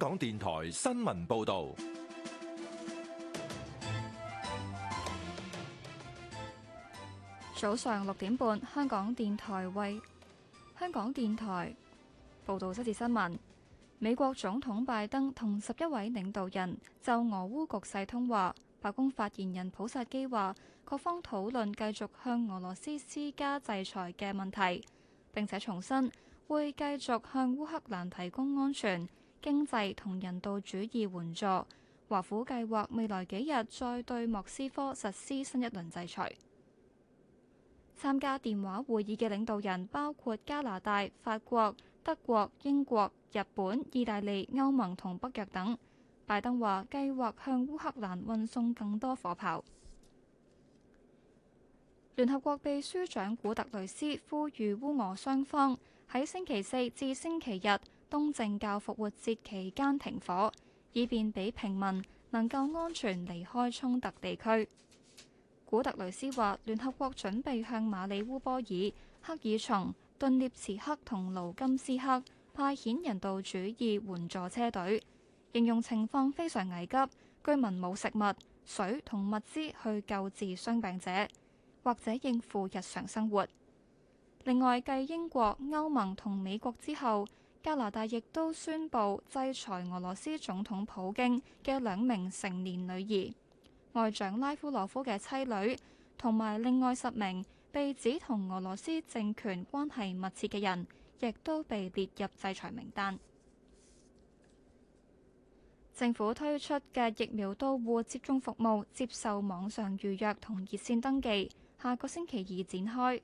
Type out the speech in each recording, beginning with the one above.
香港電台新聞報道，早上六點半，香港電台為香港電台報道即時新聞。美國總統拜登同十一位領導人就俄烏局勢通話。白宮發言人普薩基話，各方討論繼續向俄羅斯施加制裁嘅問題，並且重申會繼續向烏克蘭提供安全，經濟同人道主義援助。華府計劃未來幾日再對莫斯科實施新一輪制裁。參加電話會議嘅領導人包括加拿大、法國、德國、英國、日本、意大利、歐盟同北約等。拜登話計劃向烏克蘭運送更多火炮。聯合國秘書長古特雷斯呼籲烏俄雙方喺星期四至星期日，東正教復活節期間停火，以便俾平民能夠安全離開衝突地區。古特雷斯話：聯合國準備向馬里烏波爾、克爾松、頓涅茨克同盧金斯克派遣人道主義援助車隊，形容情況非常危急，居民冇食物、水同物資去救治傷病者或者應付日常生活。另外，繼英國、歐盟同美國之後，加拿大亦都宣布制裁俄羅斯總統普京嘅兩名成年女兒、外長拉夫羅夫嘅妻女，同埋另外十名被指同俄羅斯政權關係密切嘅人，亦都被列入制裁名單。政府推出嘅疫苗到戶接種服務接受網上預約同熱線登記，下個星期二展開。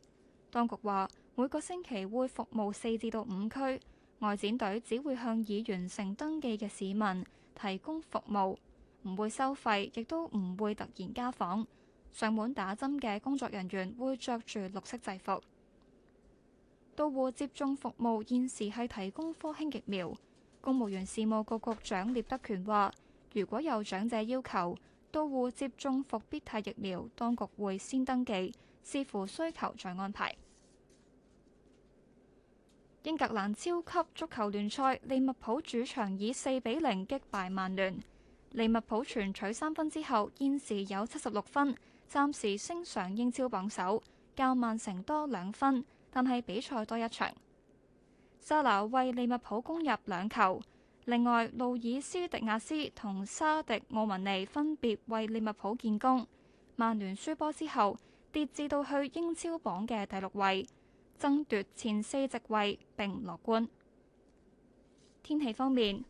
當局話每個星期會服務四至到五區。外展隊只會向已完成登記嘅市民提供服務，唔會收費，亦都唔會突然家訪。上門打針嘅工作人員會着住綠色制服。到戶接種服務現時係提供科興疫苗。公務員事務局局長聶德權話，如果有長者要求到戶接種復必泰疫苗，當局會先登記，視乎需求再安排。英格蘭超級足球聯賽，利物浦主場以四比零擊敗曼聯，利物浦全取三分之後，現時有七十六分，暫時升上英超榜首，較曼城多兩分，但係比賽多一場。沙拿為利物浦攻入兩球，另外路爾斯迪亞斯同沙迪奧文尼分別為利物浦建功。曼聯輸波之後，跌至到去英超榜嘅第六位。爭奪前四席位，並唔樂觀。天氣方面，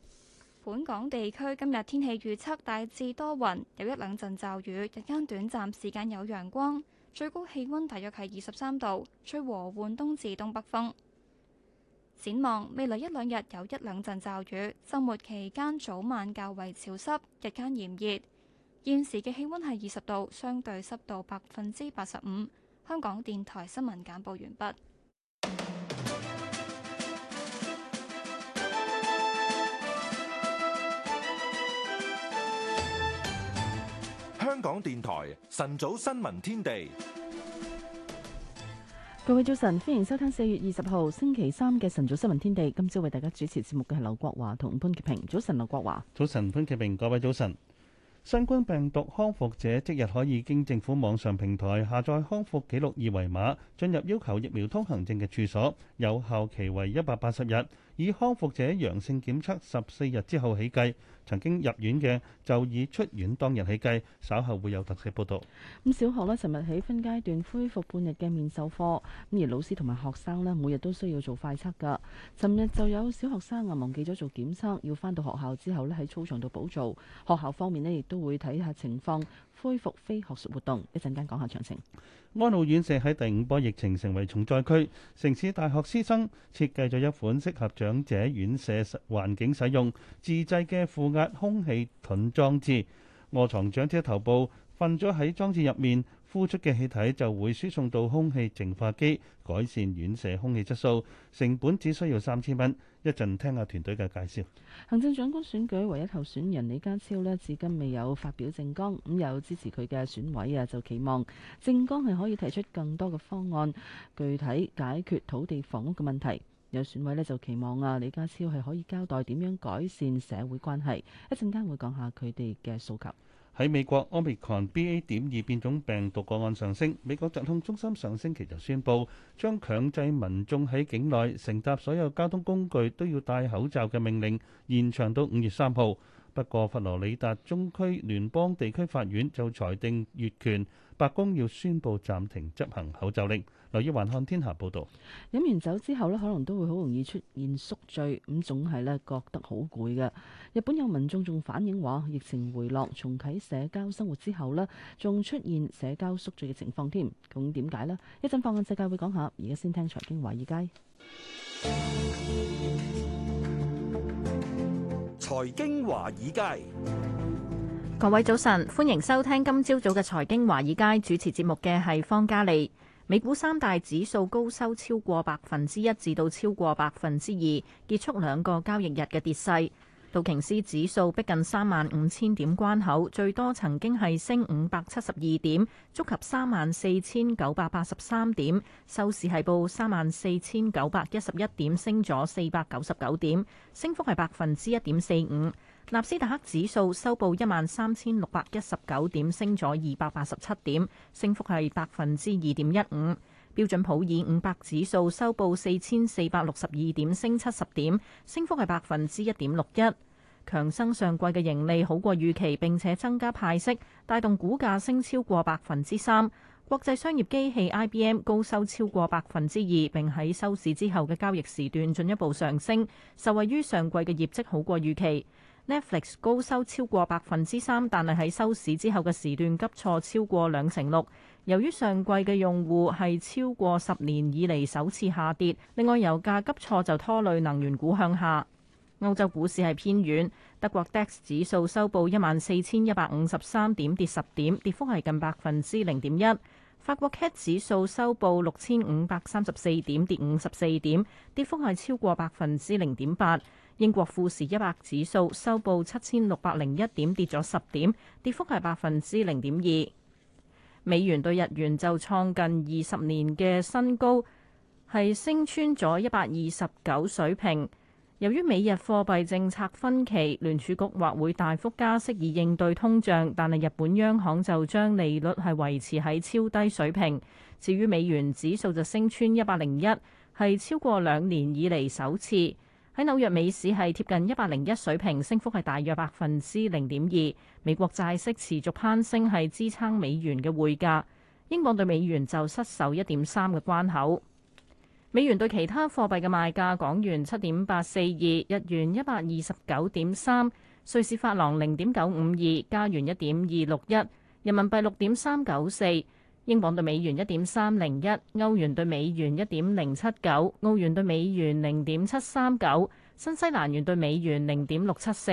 本港地區今日天氣預測大致多雲，有一兩陣驟雨，日間短暫時間有陽光，最高氣溫大約係二十三度，吹和緩東至東北風。展望未來一兩日有一兩陣驟雨，周末期間早晚較為潮濕，日間炎熱。現時嘅氣溫係二十度，相對濕度百分之八十五。香港電台新聞簡報完畢。香港電台晨早新聞天地，各位早晨，歡迎收聽四月二十號星期三嘅晨早新聞天地。今朝為大家主持節目嘅係劉國華同潘潔平。早晨，劉國華，早晨，潘潔平，各位早晨。新冠病毒康復者即日可以經政府網上平台下載康復記錄二維碼，進入要求疫苗通行證嘅處所，有效期為一百八十日。以康復者陽性檢測十四日之後起計，曾經入院嘅就以出院當日起計。稍後會有特色報導。咁小學咧，尋日起分階段恢復半日嘅面授課，咁而老師同埋學生咧，每日都需要做快測㗎。尋日就有小學生啊，忘記咗做檢測，要返到學校之後咧，喺操場度補做。學校方面呢，亦都會睇下情況，恢復非學術活動。一陣間講下詳情。安老院舍喺第五波疫情成為重災區，城市大學師生設計咗一款適合長者院舍環境使用自製嘅負壓空氣盾裝置，臥床長者頭部瞓咗喺裝置入面，呼出嘅氣體就會輸送到空氣淨化機，改善院舍空氣質素，成本只需要三千蚊。一陣聽下團隊嘅介紹。行政長官選舉唯一候選人李家超呢，至今未有發表政綱。咁有支持佢嘅選委啊，就期望政綱係可以提出更多嘅方案，具體解決土地房屋嘅問題。有選委呢就期望啊，李家超係可以交代點樣改善社會關係。一陣間會講下佢哋嘅訴求。喺美國，奧密克戎 BA. 點二變種病毒個案上升。美國疾控中心上星期就宣布，將強制民眾喺境內乘搭所有交通工具都要戴口罩嘅命令延長到五月三號。不過，佛羅里達中區聯邦地區法院就裁定越權，白宮要宣布暫停執行口罩令。留意環看天下報道，飲完酒之後呢可能都會好容易出現宿醉，咁總係呢覺得好攰嘅。日本有民眾仲反映話，疫情回落重啟社交生活之後呢仲出現社交宿醉嘅情況添。咁點解呢？一陣放眼世界會講下，而家先聽財經華爾街。財經華爾街，爾街，各位早晨，歡迎收聽今朝早嘅財經華爾街，主持節目嘅係方嘉莉。美股三大指數高收超過百分之一至到超過百分之二，結束兩個交易日嘅跌勢。道瓊斯指數逼近三萬五千點關口，最多曾經係升五百七十二點，觸及三萬四千九百八十三點，收市係報三萬四千九百一十一點，升咗四百九十九點，升幅係百分之一點四五。納斯達克指數收報一萬三千六百一十九點，升咗二百八十七點，升幅係百分之二點一五。標準普爾五百指數收報四千四百六十二點，升七十點，升幅係百分之一點六一。強生上季嘅盈利好過預期，並且增加派息，帶動股價升超過百分之三。國際商業機器 IBM 高收超過百分之二，並喺收市之後嘅交易時段進一步上升，受惠於上季嘅業績好過預期。Netflix 高收超過百分之三，但係喺收市之後嘅時段急挫超過兩成六。由於上季嘅用戶係超過十年以嚟首次下跌，另外油價急挫就拖累能源股向下。歐洲股市係偏軟，德國 DAX 指數收報一萬四千一百五十三點，跌十點，跌幅係近百分之零點一。法國 CAC 指數收報六千五百三十四點，跌五十四點，跌幅係超過百分之零點八。英國富時一百指數收報七千六百零一點，跌咗十點，跌幅係百分之零點二。美元對日元就創近二十年嘅新高，係升穿咗一百二十九水平。由於美日貨幣政策分歧，聯儲局或會大幅加息以應對通脹，但係日本央行就將利率係維持喺超低水平。至於美元指數就升穿一百零一，係超過兩年以嚟首次。喺紐約美市係貼近一百零一水平，升幅係大約百分之零點二。美國債息持續攀升係支撐美元嘅匯價，英鎊對美元就失守一點三嘅關口。美元對其他貨幣嘅賣價，港元七點八四二，日元一百二十九點三，瑞士法郎零點九五二，加元一點二六一，人民幣六點三九四。英鎊兌美元一點三零一，歐元兌美元一點零七九，澳元兌美元零點七三九，新西蘭元兌美元零點六七四。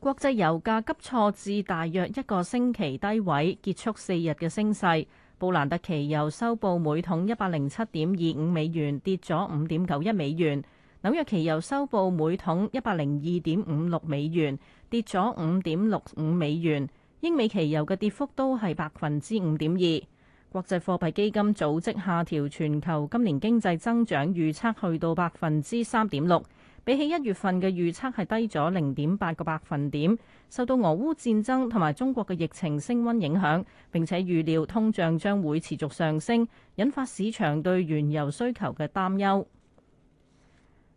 國際油價急挫至大約一個星期低位，結束四日嘅升勢。布蘭特期油收報每桶一百零七點二五美元，跌咗五點九一美元。紐約期油收報每桶一百零二點五六美元，跌咗五點六五美元。英美期油嘅跌幅都係百分之五點二。國際貨幣基金組織下調全球今年經濟增長預測去到百分之三點六，比起一月份嘅預測係低咗零點八個百分點，受到俄烏戰爭同埋中國嘅疫情升溫影響，並且預料通脹將會持續上升，引發市場對原油需求嘅擔憂。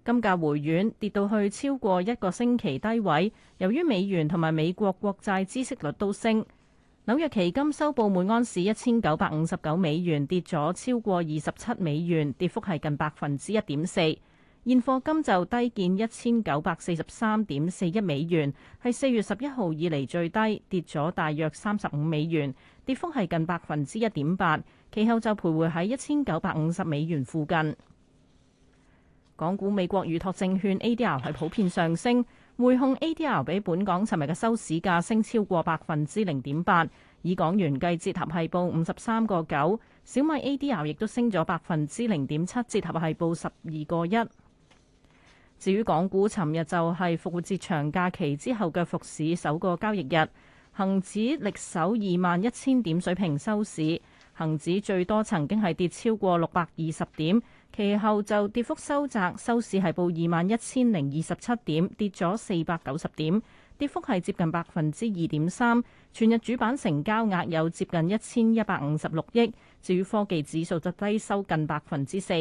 金價回軟，跌到去超過一個星期低位。由於美元同埋美國國債孳息率都升，紐約期金收報每盎司一千九百五十九美元，跌咗超過二十七美元，跌幅係近百分之一點四。現貨金就低見一千九百四十三點四一美元，係四月十一號以嚟最低，跌咗大約三十五美元，跌幅係近百分之一點八。其後就徘徊喺一千九百五十美元附近。港股美國預託證券 ADR 係普遍上升，匯控 ADR 比本港尋日嘅收市價升超過百分之零點八，以港元計，折合係報五十三個九。小米 ADR 亦都升咗百分之零點七，折合係報十二個一。至於港股，尋日就係復活節長假期之後嘅復市首個交易日，恒指力守二萬一千點水平收市，恒指最多曾經係跌超過六百二十點。其後就跌幅收窄，收市係報二萬一千零二十七點，跌咗四百九十點，跌幅係接近百分之二點三。全日主板成交額有接近一千一百五十六億。至於科技指數就低收近百分之四。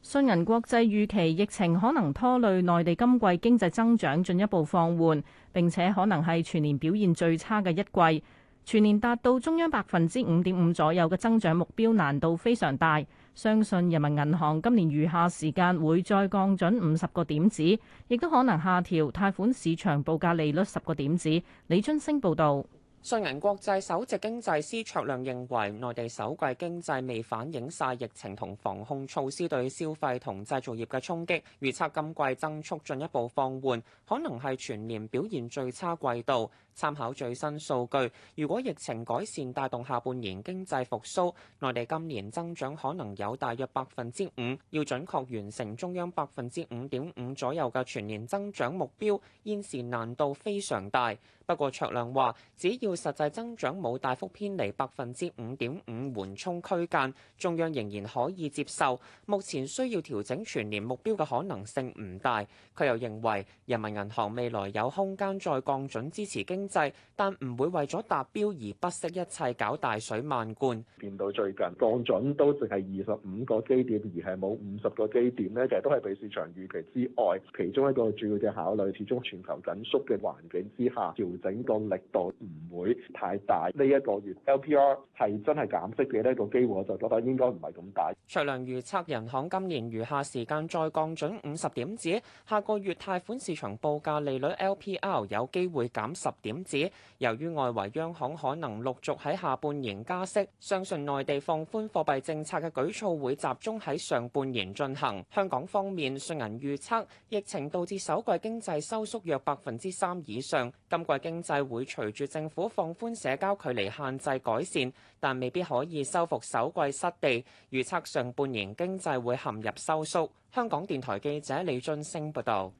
信銀國際預期疫情可能拖累內地今季經濟增長進一步放緩，並且可能係全年表現最差嘅一季。全年達到中央百分之五點五左右嘅增長目標，難度非常大。相信人民銀行今年餘下時間會再降準五十個點子，亦都可能下調貸款市場報價利率十個點子。李津升報道。信銀國際首席經濟師卓亮認為，內地首季經濟未反映晒疫情同防控措施對消費同製造業嘅衝擊，預測今季增速進一步放緩，可能係全年表現最差季度。參考最新數據，如果疫情改善帶動下半年經濟復甦，內地今年增長可能有大約百分之五，要準確完成中央百分之五點五左右嘅全年增長目標，現時難度非常大。不過卓亮話，只要實際增長冇大幅偏離百分之五點五緩衝區間，中央仍然可以接受。目前需要調整全年目標嘅可能性唔大。佢又認為，人民銀行未來有空間再降準支持經濟，但唔會為咗達標而不惜一切搞大水漫灌。見到最近降準都淨係二十五個基點，而係冇五十個基點呢，其實都係比市場預期之外。其中一個主要嘅考慮，始終全球緊縮嘅環境之下，調整個力度唔會會太大呢一、這個月，LPR 係真係減息嘅呢、這個機會我就覺得應該唔係咁大。卓量預測人行今年餘下時間再降準五十點子，下個月貸款市場報價利率 LPR 有機會減十點子。由於外圍央行可能陸續喺下半年加息，相信內地放寬貨幣政策嘅舉措會集中喺上半年進行。香港方面，信銀預測疫情導致首季經濟收縮約百分之三以上，今季經濟會隨住政府。放寬社交距離限制改善，但未必可以收復首季失地。預測上半年經濟會陷入收縮。香港電台記者李俊升報導。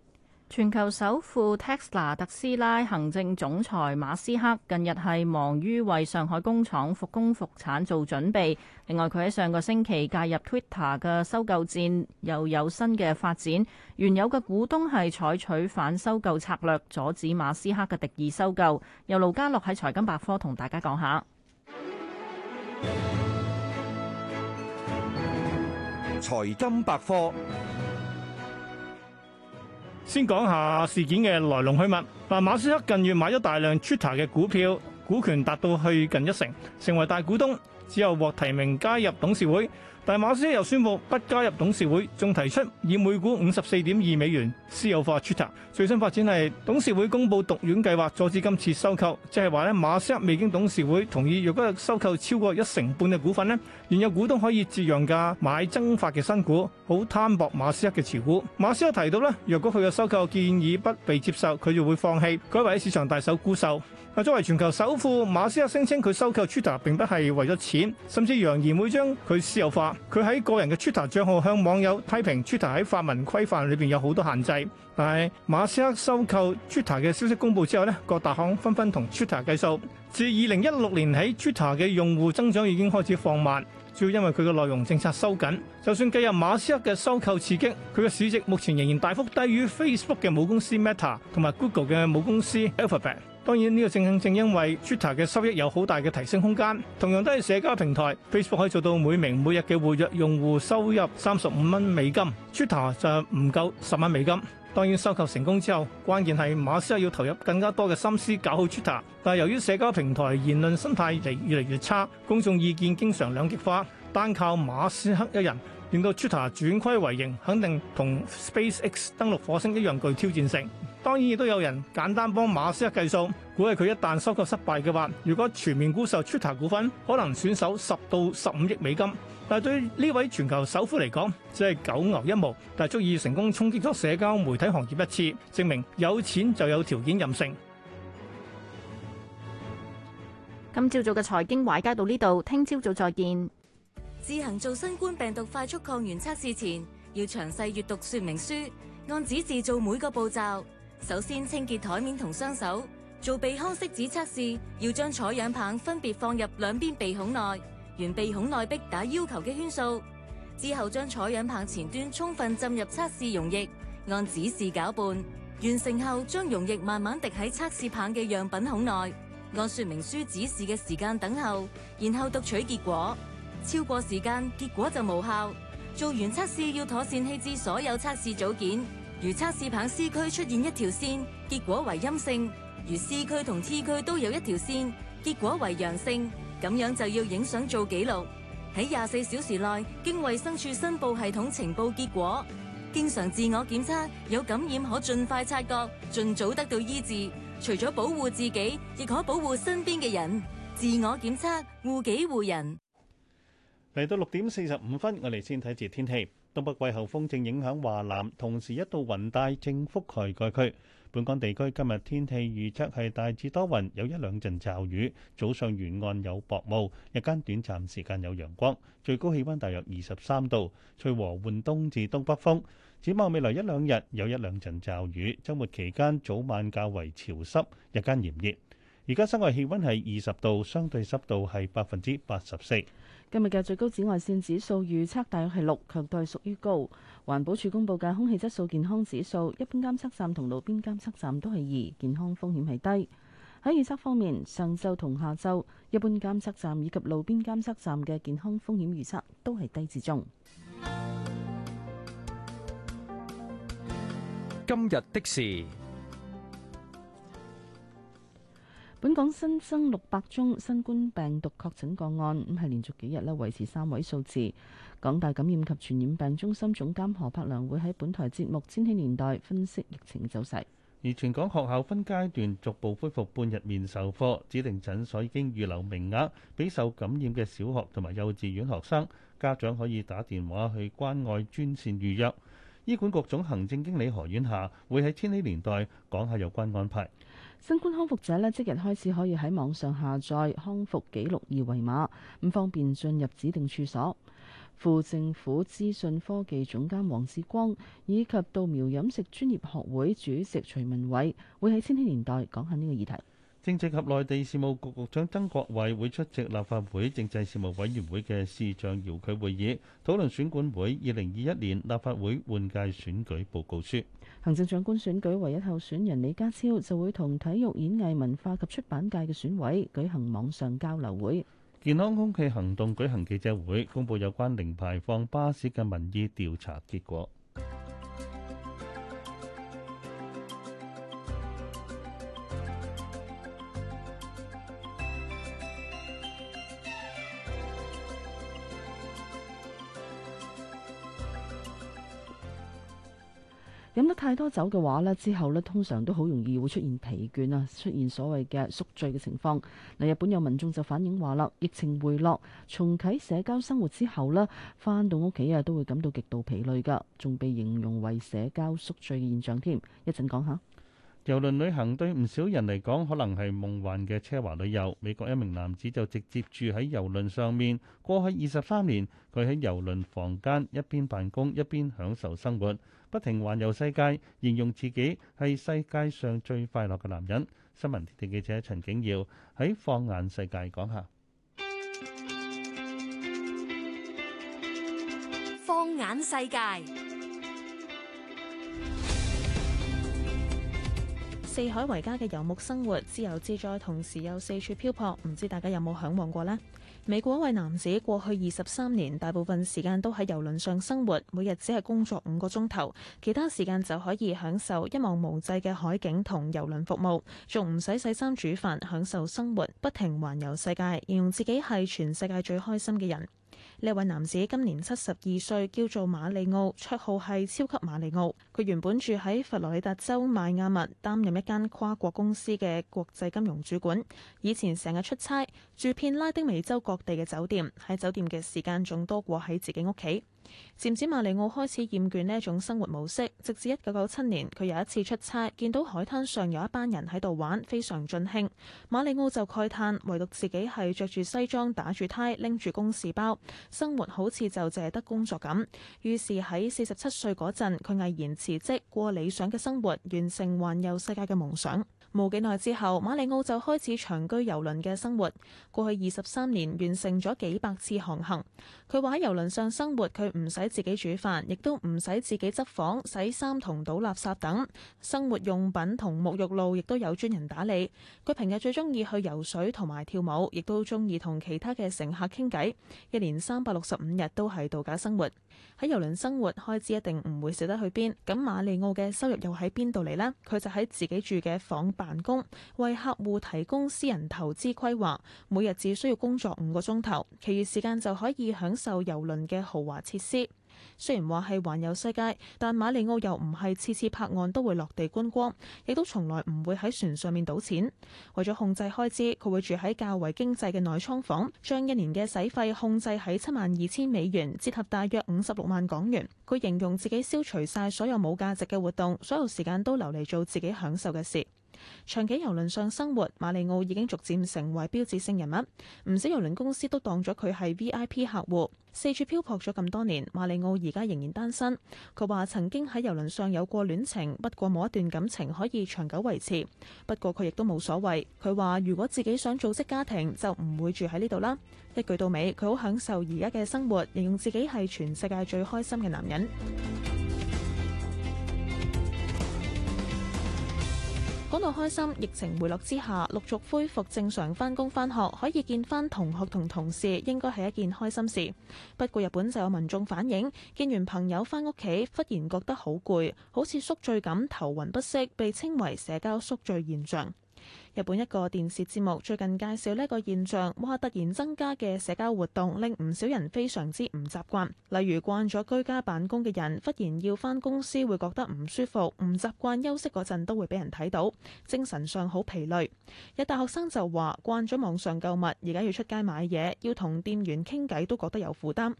全球首富 Tesla 特斯拉，特斯拉行政總裁馬斯克近日係忙於為上海工廠復工復產做準備。另外，佢喺上個星期介入 Twitter 嘅收購戰，又有新嘅發展。原有嘅股東係採取反收購策略，阻止馬斯克嘅敵意收購。由盧家樂喺財金百科同大家講下。財金百科。先講下事件嘅來龍去脈。嗱，馬斯克近月買咗大量 Twitter 嘅股票，股權達到去近一成，成為大股東，之後獲提名加入董事會。但馬斯克又宣布不加入董事會，仲提出以每股五十四點二美元私有化 Twitter。最新發展係董事會公布毒丸計劃，阻止今次收購。即係話咧，馬斯克未經董事會同意，若果收購超過一成半嘅股份咧，原有股東可以折讓價買增發嘅新股，好攤薄馬斯克嘅持股。馬斯克提到咧，若果佢嘅收購建議不被接受，佢就會放棄，改為喺市場大手沽售。作為全球首富，馬斯克聲稱佢收購 Twitter 並不係為咗錢，甚至揚言會將佢私有化。佢喺個人嘅 Twitter 賬號向網友批評 Twitter 喺發文規範裏邊有好多限制。但係馬斯克收購 Twitter 嘅消息公佈之後咧，各大行紛紛同 Twitter 計數。自二零一六年起，Twitter 嘅用戶增長已經開始放慢，主要因為佢嘅內容政策收緊。就算計入馬斯克嘅收購刺激，佢嘅市值目前仍然大幅低於 Facebook 嘅母公司 Meta 同埋 Google 嘅母公司 Alphabet。當然呢個正正因為 Twitter 嘅收益有好大嘅提升空間，同樣都係社交平台 Facebook 可以做到每名每日嘅活躍用戶收入三十五蚊美金，Twitter 就唔夠十蚊美金。當然收購成功之後，關鍵係馬斯克要投入更加多嘅心思搞好 Twitter，但係由於社交平台言論生態嚟越嚟越差，公眾意見經常兩極化，單靠馬斯克一人令到 Twitter 轉虧為盈，肯定同 SpaceX 登陸火星一樣具挑戰性。當然亦都有人簡單幫馬斯克計數，估計佢一旦收購失敗嘅話，如果全面沽售 Twitter 股份，可能損手十到十五億美金。但係對呢位全球首富嚟講，只係九牛一毛，但係足以成功衝擊咗社交媒體行業一次，證明有錢就有條件任性。今朝早嘅財經懷佳到呢度，聽朝早再見。自行做新冠病毒快速抗原測試前，要詳細閱讀說明書，按指示做每個步驟。首先清潔台面同雙手，做鼻腔拭子測試，要將採樣棒分別放入兩邊鼻孔內，沿鼻孔內壁打要求嘅圈數。之後將採樣棒前端充分浸入測試溶液，按指示攪拌，完成後將溶液慢慢滴喺測試棒嘅樣品孔內，按說明書指示嘅時間等候，然後讀取結果。超過時間結果就無效。做完測試要妥善棄置所有測試組件。如測試棒 C 區出現一條線，結果為陰性；如 C 區同 T 區都有一條線，結果為陽性。咁樣就要影相做記錄，喺廿四小時內經衛生署申報系統呈報結果。經常自我檢測，有感染可盡快察覺，盡早得到醫治。除咗保護自己，亦可保護身邊嘅人。自我檢測，護己護人。嚟到六點四十五分，我哋先睇住天氣。東北季候風正影響華南，同時一道雲帶正覆蓋該區。本港地區今日天氣預測係大致多雲，有一兩陣驟雨。早上沿岸有薄霧，日間短暫時間有陽光，最高氣溫大約二十三度，吹和緩東至東北風。展望未來一兩日有一兩陣驟雨，週末期間早晚較為潮濕，日間炎熱。而家室外氣溫係二十度，相對濕度係百分之八十四。今日嘅最高紫外線指數預測大約係六，強度屬於高。環保署公佈嘅空氣質素健康指數，一般監測站同路邊監測站都係二，健康風險係低。喺預測方面，上晝同下晝，一般監測站以及路邊監測站嘅健康風險預測都係低至中。今日的事。本港新增六百宗新冠病毒確診個案，咁係連續幾日咧，維持三位數字。港大感染及傳染病中心總監何柏良會喺本台節目《千禧年代》分析疫情走勢。而全港學校分階段逐步恢復半日面授課，指定診所已經預留名額，俾受感染嘅小學同埋幼稚園學生家長可以打電話去關愛專線預約。醫管局總行政經理何婉霞會喺《千禧年代》講下有關安排。新冠康復者呢即日開始可以喺網上下載康復記錄二維碼，唔方便進入指定處所。副政府資訊科技總監黃志光以及稻苗飲食專業學會主席徐文偉會喺千禧年代講下呢個議題。政制及內地事務局局，局長曾國衞會出席立法會政制事務委員會嘅視像遙距會議，討論選管會二零二一年立法會換屆選舉報告書。行政長官選舉唯一候選人李家超就會同體育演藝文化及出版界嘅選委舉行網上交流會。健康空氣行動舉行記者會，公佈有關零排放巴士嘅民意調查結果。太多酒嘅話咧，之後咧通常都好容易會出現疲倦啊，出現所謂嘅宿醉嘅情況。嗱，日本有民眾就反映話啦，疫情回落、重啟社交生活之後咧，翻到屋企啊都會感到極度疲累噶，仲被形容為社交宿醉嘅現象添。一陣講下遊輪旅行，對唔少人嚟講，可能係夢幻嘅奢華旅遊。美國一名男子就直接住喺遊輪上面過去二十三年，佢喺遊輪房間一邊辦公一邊享受生活。不停環遊世界，形容自己係世界上最快樂嘅男人。新聞天地記者陳景耀喺放眼世界講下。放眼世界，四海為家嘅游牧生活，自由自在，同時又四處漂泊，唔知大家有冇向往過呢？」美國一位男子過去二十三年大部分時間都喺郵輪上生活，每日只係工作五個鐘頭，其他時間就可以享受一望無際嘅海景同郵輪服務，仲唔使洗衫煮飯，享受生活，不停環遊世界，形容自己係全世界最開心嘅人。呢位男子今年七十二歲，叫做馬利奧，綽號係超級馬利奧。佢原本住喺佛羅里達州邁亞密，擔任一間跨國公司嘅國際金融主管。以前成日出差，住遍拉丁美洲各地嘅酒店，喺酒店嘅時間仲多過喺自己屋企。漸漸，馬里奧開始厭倦呢一種生活模式，直至一九九七年，佢有一次出差，見到海灘上有一班人喺度玩，非常盡興。馬里奧就慨嘆，唯獨自己係着住西裝、打住呔、拎住公事包，生活好似就只得工作咁。於是喺四十七歲嗰陣，佢毅然辭職，過理想嘅生活，完成環遊世界嘅夢想。冇幾耐之後，馬里奧就開始長居遊輪嘅生活。過去二十三年，完成咗幾百次航行。佢話喺遊輪上生活，佢唔使自己煮飯，亦都唔使自己執房、洗衫同倒垃圾等。生活用品同沐浴露亦都有專人打理。佢平日最中意去游水同埋跳舞，亦都中意同其他嘅乘客傾偈。一年三百六十五日都係度假生活。喺遊輪生活開支一定唔會少得去邊。咁馬里奧嘅收入又喺邊度嚟呢？佢就喺自己住嘅房辦公為客戶提供私人投資規劃，每日只需要工作五個鐘頭，其餘時間就可以享受郵輪嘅豪華設施。雖然話係環遊世界，但馬里奧又唔係次次泊岸都會落地觀光，亦都從來唔會喺船上面賭錢。為咗控制開支，佢會住喺較為經濟嘅內艙房，將一年嘅使費控制喺七萬二千美元，折合大約五十六萬港元。佢形容自己消除晒所有冇價值嘅活動，所有時間都留嚟做自己享受嘅事。長期郵輪上生活，馬里奧已經逐漸成為標誌性人物，唔少郵輪公司都當咗佢係 VIP 客戶。四處漂泊咗咁多年，馬里奧而家仍然單身。佢話曾經喺郵輪上有過戀情，不過冇一段感情可以長久維持。不過佢亦都冇所謂。佢話如果自己想組織家庭，就唔會住喺呢度啦。一句到尾，佢好享受而家嘅生活，形容自己係全世界最開心嘅男人。講到開心，疫情回落之下，陸續恢復正常翻工翻學，可以見翻同學同同事，應該係一件開心事。不過日本就有民眾反映，見完朋友翻屋企，忽然覺得好攰，好似宿醉咁，頭暈不適，被稱為社交宿醉現象。日本一個電視節目最近介紹呢個現象，哇！突然增加嘅社交活動令唔少人非常之唔習慣。例如慣咗居家辦公嘅人，忽然要返公司會覺得唔舒服，唔習慣休息嗰陣都會俾人睇到，精神上好疲累。有大學生就話慣咗網上購物，而家要出街買嘢，要同店員傾偈都覺得有負擔。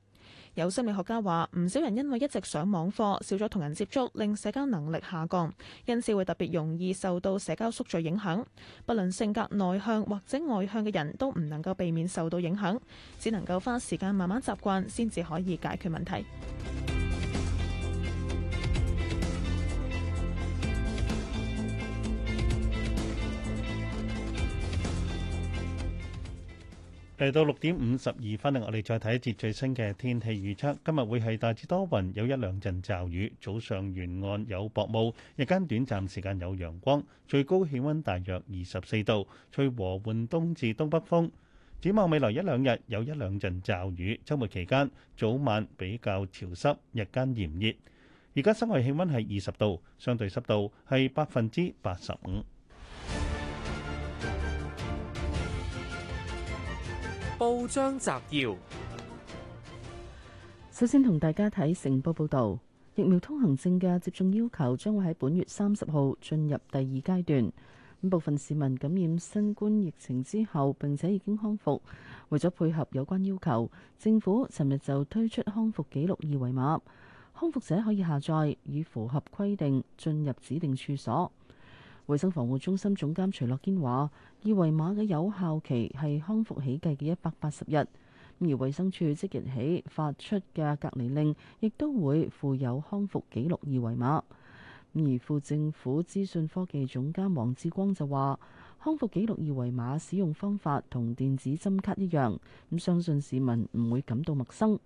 有心理學家話，唔少人因為一直上網課，少咗同人接觸，令社交能力下降，因此會特別容易受到社交宿醉影響。不論性格內向或者外向嘅人都唔能夠避免受到影響，只能夠花時間慢慢習慣，先至可以解決問題。嚟到六點五十二分，我哋再睇一節最新嘅天氣預測。今日會係大致多雲，有一兩陣驟雨，早上沿岸有薄霧，日間短暫時間有陽光，最高氣温大約二十四度，吹和緩東至東北風。展望未來一兩日有一兩陣驟雨，週末期間早晚比較潮濕，日間炎熱。而家室外氣温係二十度，相對濕度係百分之八十五。報章摘要：首先同大家睇成報報道，疫苗通行證嘅接種要求將會喺本月三十號進入第二階段。咁部分市民感染新冠疫情之後，並且已經康復，為咗配合有關要求，政府尋日就推出康復記錄二維碼，康復者可以下載，以符合規定進入指定處所。衛生防護中心總監徐樂堅話：二維碼嘅有效期係康復起計嘅一百八十日，而衛生署即日起發出嘅隔離令亦都會附有康復記錄二維碼。而副政府資訊科技總監王志光就話：康復記錄二維碼使用方法同電子針卡一樣，咁相信市民唔會感到陌生。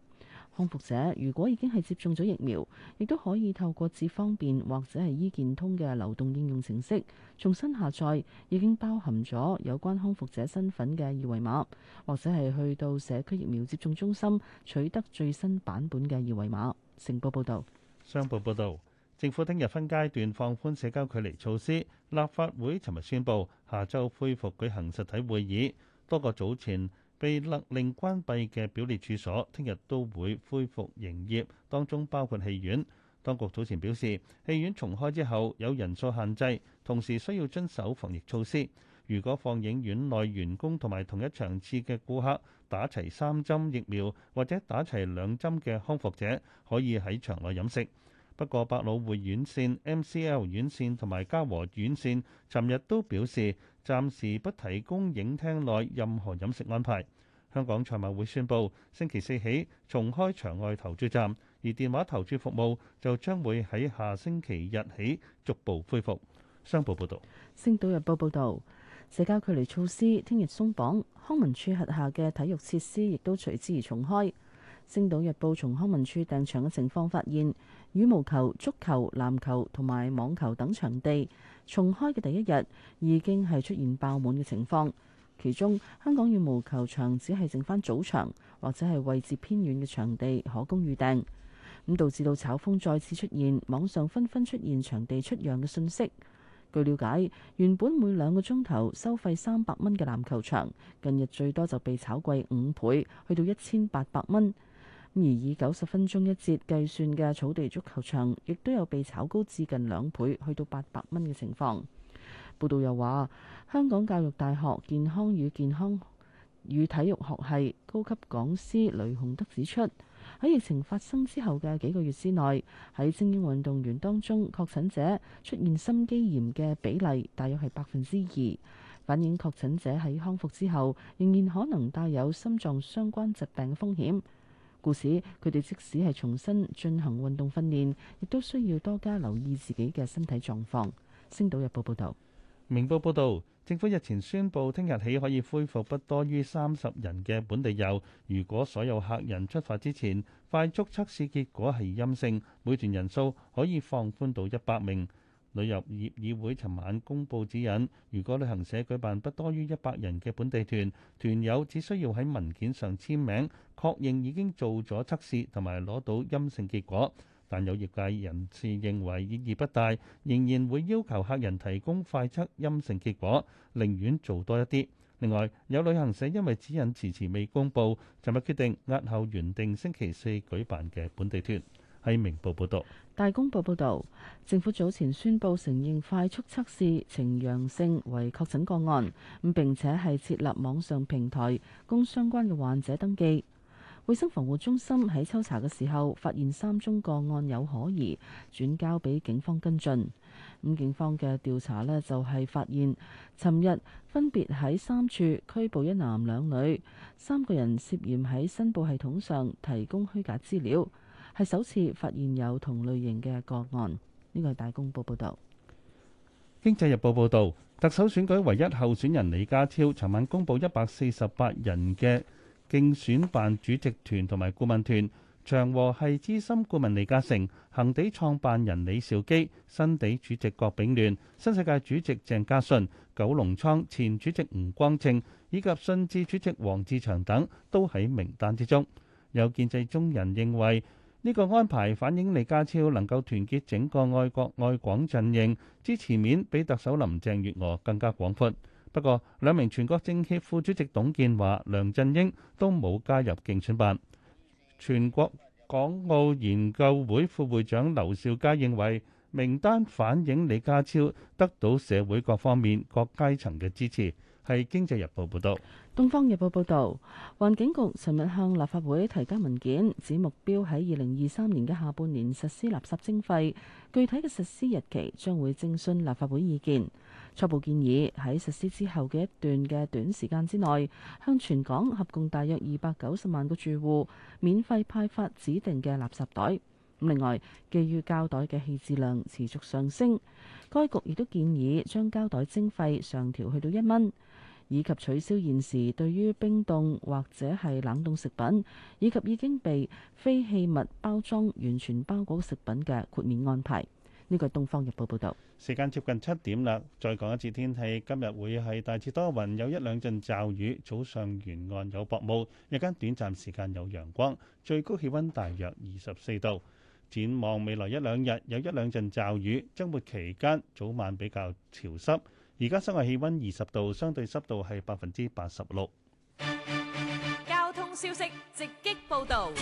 康復者如果已經係接種咗疫苗，亦都可以透過智方便或者係醫健通嘅流動應用程式重新下載已經包含咗有關康復者身份嘅二維碼，或者係去到社區疫苗接種中心取得最新版本嘅二維碼。成報報道：「商報報道，政府聽日分階段放寬社交距離措施。立法會尋日宣布，下周恢復舉行實體會議，多過早前。被勒令關閉嘅表列處所，聽日都會恢復營業，當中包括戲院。當局早前表示，戲院重開之後有人數限制，同時需要遵守防疫措施。如果放映院內員工同埋同一場次嘅顧客打齊三針疫苗，或者打齊兩針嘅康復者，可以喺場內飲食。不過百老匯院線 MCL 院線同埋嘉禾院線尋日都表示，暫時不提供影廳內任何飲食安排。香港賽馬會宣布，星期四起重開場外投注站，而電話投注服務就將會喺下星期日起逐步恢復。商報報導，《星島日報》報道：社交距離措施聽日鬆綁，康文署轄下嘅體育設施亦都隨之而重開。《星島日報》從康文署訂場嘅情況發現，羽毛球、足球、籃球同埋網球等場地。重開嘅第一日已經係出現爆滿嘅情況，其中香港羽毛球場只係剩翻早場或者係位置偏遠嘅場地可供預訂，咁導致到炒風再次出現，網上紛紛出現場地出讓嘅信息。據了解，原本每兩個鐘頭收費三百蚊嘅籃球場，近日最多就被炒貴五倍，去到一千八百蚊。而以九十分鐘一節計算嘅草地足球場，亦都有被炒高至近兩倍，去到八百蚊嘅情況。報道又話，香港教育大學健康與健康與體育學系高級講師雷洪德指出，喺疫情發生之後嘅幾個月之內，喺精英運動員當中，確診者出現心肌炎嘅比例大約係百分之二，反映確診者喺康復之後，仍然可能帶有心臟相關疾病嘅風險。故此，佢哋即使係重新進行運動訓練，亦都需要多加留意自己嘅身體狀況。星島日報報道，明報報道，政府日前宣布，聽日起可以恢復不多於三十人嘅本地遊。如果所有客人出發之前快速測試結果係陰性，每團人數可以放寬到一百名。旅遊業議會尋晚公布指引，如果旅行社舉辦不多於一百人嘅本地團，團友只需要喺文件上簽名，確認已經做咗測試同埋攞到陰性結果。但有業界人士認為意義不大，仍然會要求客人提供快測陰性結果，寧願做多一啲。另外，有旅行社因為指引遲遲未公布，尋日決定押後原定星期四舉辦嘅本地團。喺明報報道。大公報報導，政府早前宣布承認快速測試呈陽性為確診個案，咁並且係設立網上平台供相關嘅患者登記。衛生防護中心喺抽查嘅時候發現三宗個案有可疑，轉交俾警方跟進。咁警方嘅調查咧就係發現，尋日分別喺三處拘捕一男兩女，三個人涉嫌喺申報系統上提供虛假資料。係首次發現有同類型嘅個案。呢個係大公報報導，《經濟日報》報導，特首選舉唯一候選人李家超，尋晚公布一百四十八人嘅競選辦主席團同埋顧問團，長和係資深顧問李嘉誠、恒地創辦人李兆基、新地主席郭炳聯、新世界主席鄭家信、九龍倉前主席吳光正以及信智主席黃志祥等都喺名單之中。有建制中人認為，呢個安排反映李家超能夠團結整個愛國愛港陣營，支持面比特首林鄭月娥更加廣闊。不過，兩名全國政協副主席董建華、梁振英都冇加入競選辦。全國港澳研究會副會長劉兆佳認為，名單反映李家超得到社會各方面各階層嘅支持，係《經濟日報》報道。《東方日報》報導，環境局尋日向立法會提交文件，指目標喺二零二三年嘅下半年實施垃圾徵費，具體嘅實施日期將會徵詢立法會意見。初步建議喺實施之後嘅一段嘅短時間之內，向全港合共大約二百九十萬個住戶免費派發指定嘅垃圾袋。另外，基於膠袋嘅棄置量持續上升，該局亦都建議將膠袋徵費上調去到一蚊。以及取消現時對於冰凍或者係冷凍食品，以及已經被非器物包裝完全包裹食品嘅豁免安排。呢個係《東方日報》報導。時間接近七點啦，再講一次天氣。今日會係大致多雲，有一兩陣驟雨，早上沿岸有薄霧，日間短暫時間有陽光，最高氣温大約二十四度。展望未來一兩日，有一兩陣驟雨，週末期間早晚比較潮濕。而家室外氣溫二十度，相對濕度係百分之八十六。交通消息直擊報道。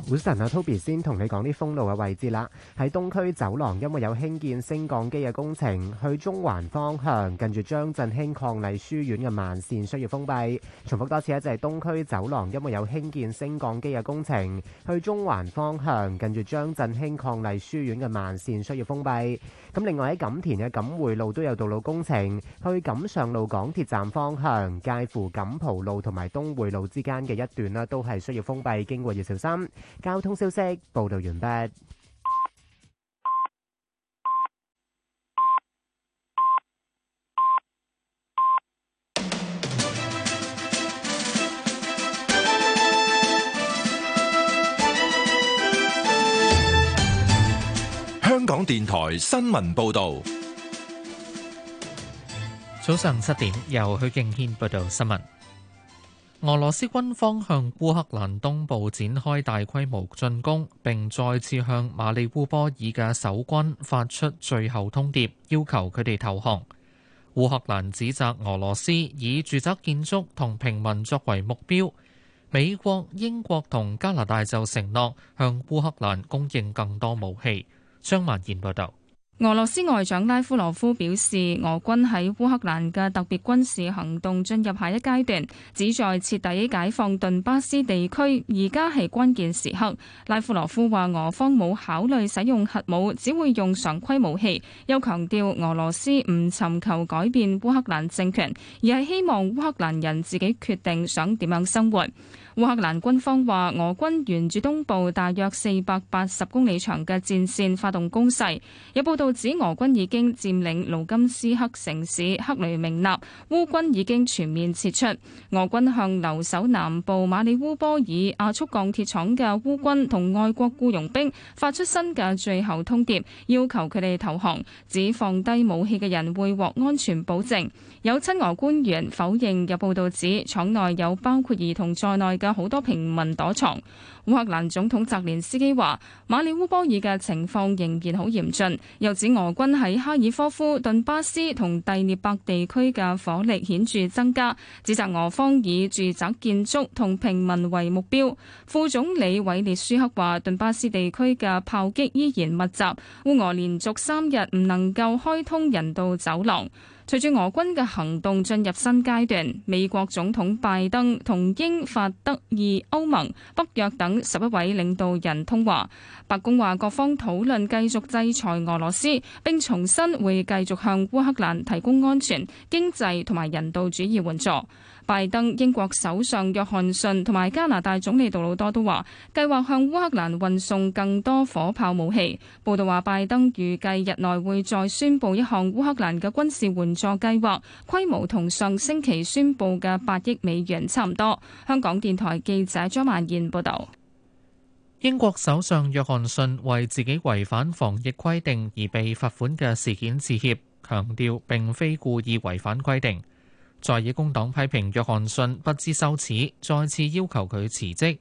早晨啊，Toby 先同你講啲封路嘅位置啦。喺東區走廊，因為有興建升降機嘅工程，去中環方向近住張振興伉儷書院嘅慢綫需要封閉。重複多次啊，就係東區走廊，因為有興建升降機嘅工程，去中環方向近住張振興伉儷書院嘅慢綫需要封閉。咁另外喺錦田嘅錦匯路都有道路工程，去錦上路港鐵站方向介乎錦蒲路同埋東匯路之間嘅一段啦，都係需要封閉，經過要小心。交通消息報道完畢。香港電台新聞報道，早上七點由許敬軒報道新聞。俄羅斯軍方向烏克蘭東部展開大規模進攻，並再次向馬利烏波爾嘅守軍發出最後通牒，要求佢哋投降。烏克蘭指責俄羅斯以住宅建築同平民作為目標。美國、英國同加拿大就承諾向烏克蘭供應更多武器。張萬賢報導。俄羅斯外長拉夫羅夫表示，俄軍喺烏克蘭嘅特別軍事行動進入下一階段，旨在徹底解放頓巴斯地區。而家係關鍵時刻，拉夫羅夫話俄方冇考慮使用核武，只會用常規武器。又強調俄羅斯唔尋求改變烏克蘭政權，而係希望烏克蘭人自己決定想點樣生活。烏克蘭軍方話，俄軍沿住東部大約四百八十公里長嘅戰線發動攻勢，有報道指俄軍已經佔領盧甘斯克城市克雷明納，烏軍已經全面撤出。俄軍向留守南部馬里烏波爾亞速鋼鐵廠嘅烏軍同外國僱傭兵發出新嘅最後通牒，要求佢哋投降，指放低武器嘅人會獲安全保證。有親俄官員否認有報道指廠內有包括兒童在內嘅好多平民躲藏。烏克蘭總統澤連斯基話：馬里烏波爾嘅情況仍然好嚴峻，又指俄軍喺哈爾科夫、頓巴斯同第聶伯地區嘅火力顯著增加，指責俄方以住宅建築同平民為目標。副總理韋列舒克話：頓巴斯地區嘅炮擊依然密集，烏俄連續三日唔能夠開通人道走廊。隨住俄軍嘅行動進入新階段，美國總統拜登同英、法、德、意、歐盟、北約等十一位領導人通話。白宮話各方討論繼續制裁俄羅斯，並重申會繼續向烏克蘭提供安全、經濟同埋人道主義援助。拜登、英國首相約翰遜同埋加拿大總理杜魯多都話，計劃向烏克蘭運送更多火炮武器。報道話，拜登預計日內會再宣布一項烏克蘭嘅軍事援助計劃，規模同上星期宣布嘅八億美元差唔多。香港電台記者張曼燕報道。英國首相約翰遜為自己違反防疫規定而被罰款嘅事件致歉，強調並非故意違反規定。在野工黨批評約翰遜不知羞恥，再次要求佢辭職。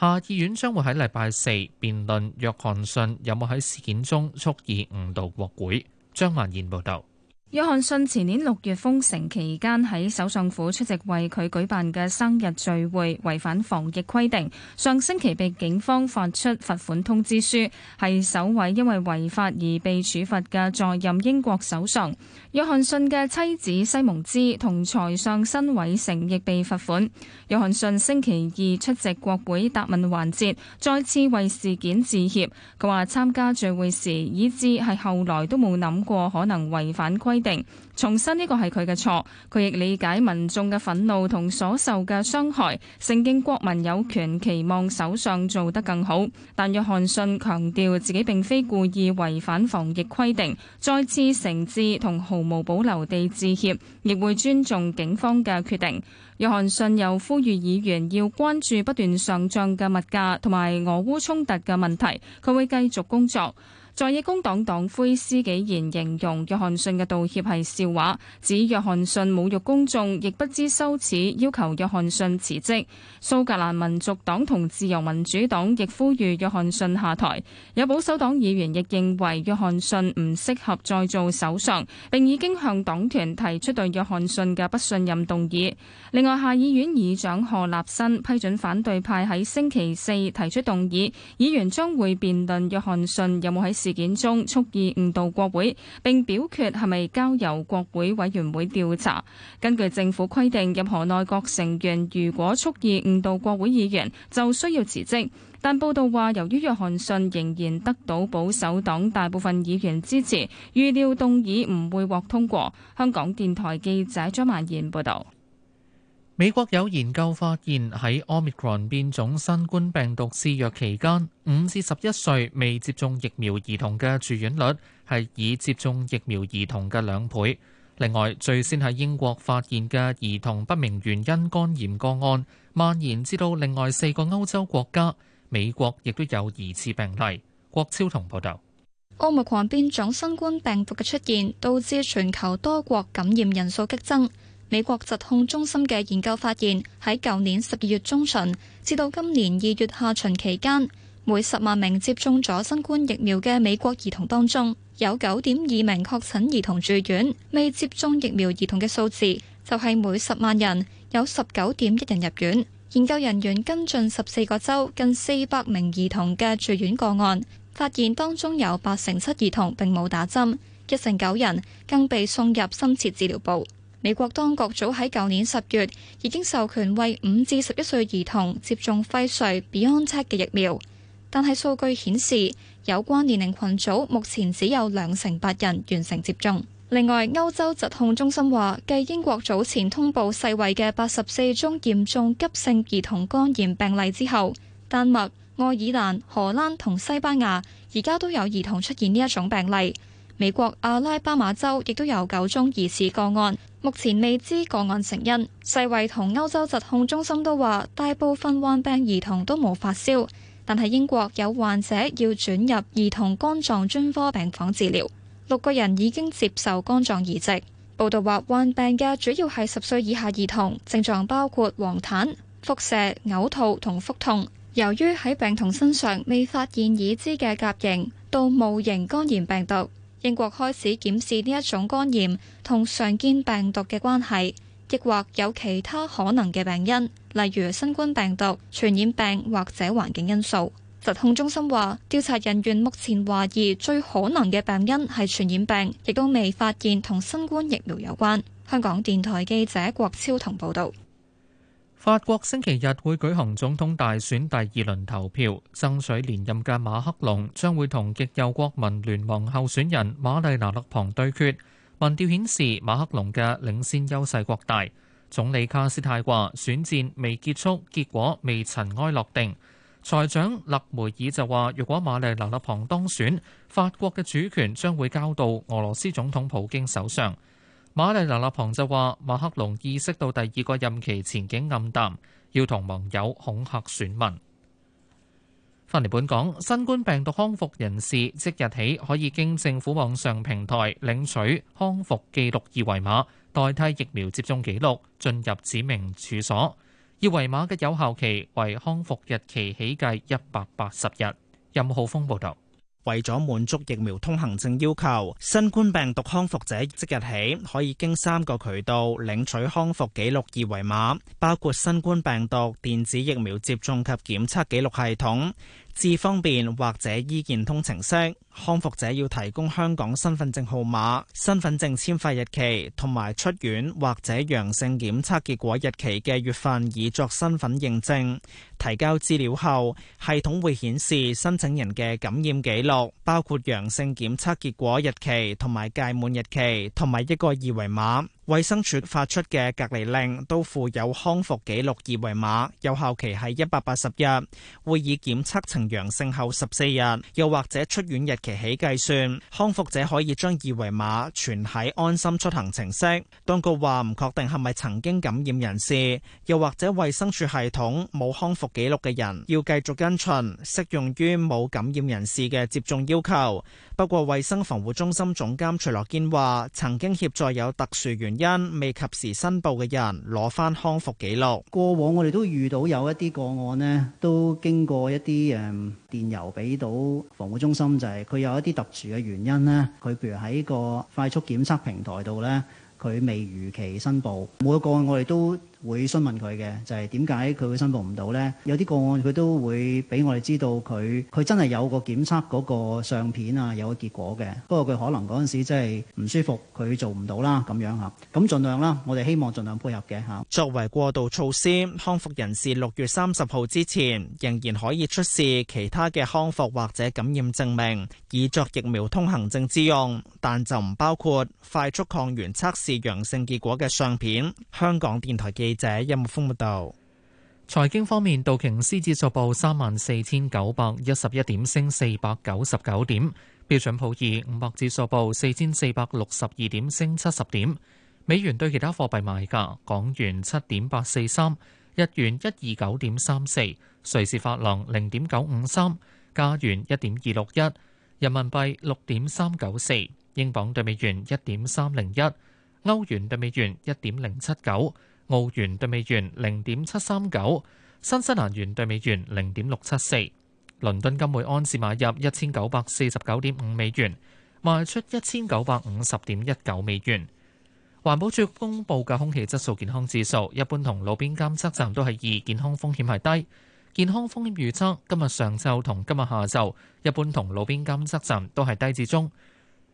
下議院將會喺禮拜四辯論約翰遜有冇喺事件中蓄意誤導國會。張曼燕報導。約翰遜前年六月封城期間喺首相府出席為佢舉辦嘅生日聚會，違反防疫規定，上星期被警方發出罰款通知書，係首位因為違法而被處罰嘅在任英國首相。約翰遜嘅妻子西蒙茲同財相辛偉誠亦被罰款。約翰遜星期二出席國會答問環節，再次為事件致歉。佢話參加聚會時以至係後來都冇諗過可能違反規規定重申呢個係佢嘅錯，佢亦理解民眾嘅憤怒同所受嘅傷害，承認國民有權期望首相做得更好。但約翰遜強調自己並非故意違反防疫規定，再次誠摯同毫無保留地致歉，亦會尊重警方嘅決定。約翰遜又呼籲議員要關注不斷上漲嘅物價同埋俄烏衝突嘅問題，佢會繼續工作。在野工黨黨魁施紀賢形容約翰遜嘅道歉係笑話，指約翰遜侮辱公眾，亦不知羞恥，要求約翰遜辭職。蘇格蘭民族黨同自由民主黨亦呼籲約翰遜下台。有保守黨議員亦認為約翰遜唔適合再做首相，並已經向黨團提出對約翰遜嘅不信任動議。另外，下議院議長何立新批准反對派喺星期四提出動議，議員將會辯論約翰遜有冇喺事件中蓄意誤導國會，並表決係咪交由國會委員會調查。根據政府規定，任何內閣成員如果蓄意誤導國會議員，就需要辭職。但報道話，由於約翰遜仍然得到保守黨大部分議員支持，預料動議唔會獲通過。香港電台記者張曼燕報道。美國有研究發現，喺 Omicron 變種新冠病毒肆虐期間，五至十一歲未接種疫苗兒童嘅住院率係已接種疫苗兒童嘅兩倍。另外，最先喺英國發現嘅兒童不明原因肝炎個案，蔓延至到另外四個歐洲國家，美國亦都有疑似病例。郭超同報道。奧密克戎變種新冠病毒嘅出現，導致全球多國感染人數激增。美國疾控中心嘅研究發現，喺舊年十二月中旬至到今年二月下旬期間，每十萬名接種咗新冠疫苗嘅美國兒童當中，有九點二名確診兒童住院；未接種疫苗兒童嘅數字就係每十萬人有十九點一人入院。研究人員跟進十四個州近四百名兒童嘅住院個案，發現當中有八成七兒童並冇打針，一成九人更被送入深切治療部。美國當局早喺舊年十月已經授權為五至十一歲兒童接種輝瑞、b 安 o 嘅疫苗，但係數據顯示，有關年齡群組目前只有兩成八人完成接種。另外，歐洲疾控中心話，繼英國早前通報世位嘅八十四宗嚴重急性兒童肝炎病例之後，丹麥、愛爾蘭、荷蘭同西班牙而家都有兒童出現呢一種病例。美國阿拉巴馬州亦都有九宗疑似個案，目前未知個案成因。世衛同歐洲疾控中心都話，大部分患病兒童都冇發燒，但係英國有患者要轉入兒童肝臟專科病房治療。六個人已經接受肝臟移植。報道話，患病嘅主要係十歲以下兒童，症狀包括黃疸、腹瀉、嘔吐同腹痛。由於喺病童身上未發現已知嘅甲型到戊型肝炎病毒。英國開始檢視呢一種肝炎同常見病毒嘅關係，亦或有其他可能嘅病因，例如新冠病毒、傳染病或者環境因素。疾控中心話，調查人員目前懷疑最可能嘅病因係傳染病，亦都未發現同新冠疫苗有關。香港電台記者郭超彤報道。法國星期日會舉行總統大選第二輪投票，爭取連任嘅馬克龍將會同極右國民聯盟候選人瑪麗娜勒旁對決。民調顯示馬克龍嘅領先優勢擴大。總理卡斯泰話選戰未結束，結果未塵埃落定。財長勒梅爾就話，如果瑪麗娜勒旁當選，法國嘅主權將會交到俄羅斯總統普京手上。瑪麗娜納旁就話，馬克龍意識到第二個任期前景暗淡，要同盟友恐嚇選民。翻嚟本港，新冠病毒康復人士即日起可以經政府網上平台領取康復記錄二維碼，代替疫苗接種記錄進入指明處所。二維碼嘅有效期為康復日期起計一百八十日。任浩峰報道。為咗滿足疫苗通行證要求，新冠病毒康復者即日起可以經三個渠道領取康復記錄二維碼，包括新冠病毒電子疫苗接種及檢測記錄系統。智方便或者醫健通程式，康復者要提供香港身份證號碼、身份證簽發日期同埋出院或者陽性檢測結果日期嘅月份，以作身份認證。提交資料後，系統會顯示申請人嘅感染記錄，包括陽性檢測結果日期同埋屆滿日期，同埋一個二維碼。衛生署發出嘅隔離令都附有康復記錄二維碼，有效期係一百八十日，會以檢測呈陽性後十四日，又或者出院日期起計算。康復者可以將二維碼存喺安心出行程式。當局話唔確定係咪曾經感染人士，又或者衛生署系統冇康復記錄嘅人，要繼續跟隨，適用於冇感染人士嘅接種要求。不過，衛生防護中心總監徐樂堅話，曾經協助有特殊原因未及時申報嘅人攞翻康復記錄。過往我哋都遇到有一啲個案呢都經過一啲誒、嗯、電郵俾到防護中心，就係、是、佢有一啲特殊嘅原因呢佢譬如喺個快速檢測平台度呢佢未如期申報。每一個個案我哋都。會詢問佢嘅，就係點解佢會申報唔到咧？有啲個案佢都會俾我哋知道佢佢真係有個檢測嗰個相片啊，有個結果嘅。不過佢可能嗰陣時真係唔舒服，佢做唔到啦咁樣吓，咁盡量啦，我哋希望盡量配合嘅吓。作為過渡措施，康復人士六月三十號之前仍然可以出示其他嘅康復或者感染證明，以作疫苗通行證之用，但就唔包括快速抗原測試陽性結果嘅相片。香港電台記。記者任木峰報道。財經方面，道瓊斯指數報三萬四千九百一十一點，升四百九十九點；標準普爾五百指數報四千四百六十二點，升七十點。美元對其他貨幣賣價：港元七點八四三，日元一二九點三四，瑞士法郎零點九五三，加元一點二六一，人民幣六點三九四，英鎊對美元一點三零一，歐元對美元一點零七九。澳元兌美元零點七三九，新西蘭元兌美元零點六七四，倫敦金每安士買入一千九百四十九點五美元，賣出一千九百五十點一九美元。環保署公布嘅空氣質素健康指數一般同路邊監測站都係二，健康風險係低。健康風險預測今日上晝同今日下晝一般同路邊監測站都係低至中。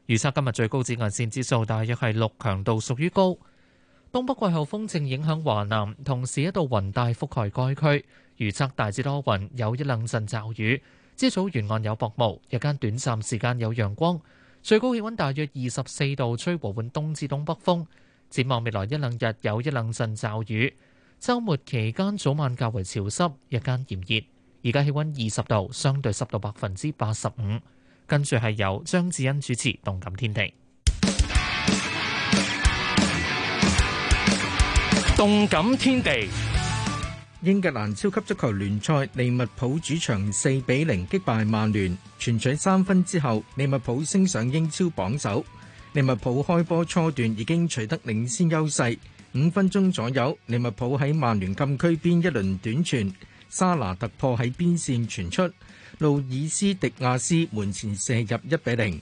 預測今日最高紫外線指數大約係六，強度屬於高。東北季候風正影響華南，同時一道雲帶覆蓋該區，預測大致多雲，有一兩陣驟雨。朝早沿岸有薄霧，日間短暫時間有陽光，最高氣溫大約二十四度，吹和緩東至東北風。展望未來一兩日有一兩陣驟雨，周末期間早晚較為潮濕，日間炎熱。而家氣溫二十度，相對濕度百分之八十五。跟住係由張智恩主持《動感天地》。動感天地，英格蘭超級足球聯賽利物浦主場四比零擊敗曼聯，全取三分之後，利物浦升上英超榜首。利物浦開波初段已經取得領先優勢，五分鐘左右，利物浦喺曼聯禁區邊一輪短傳，沙拿突破喺邊線傳出，路爾斯迪亞斯門前射入一比零，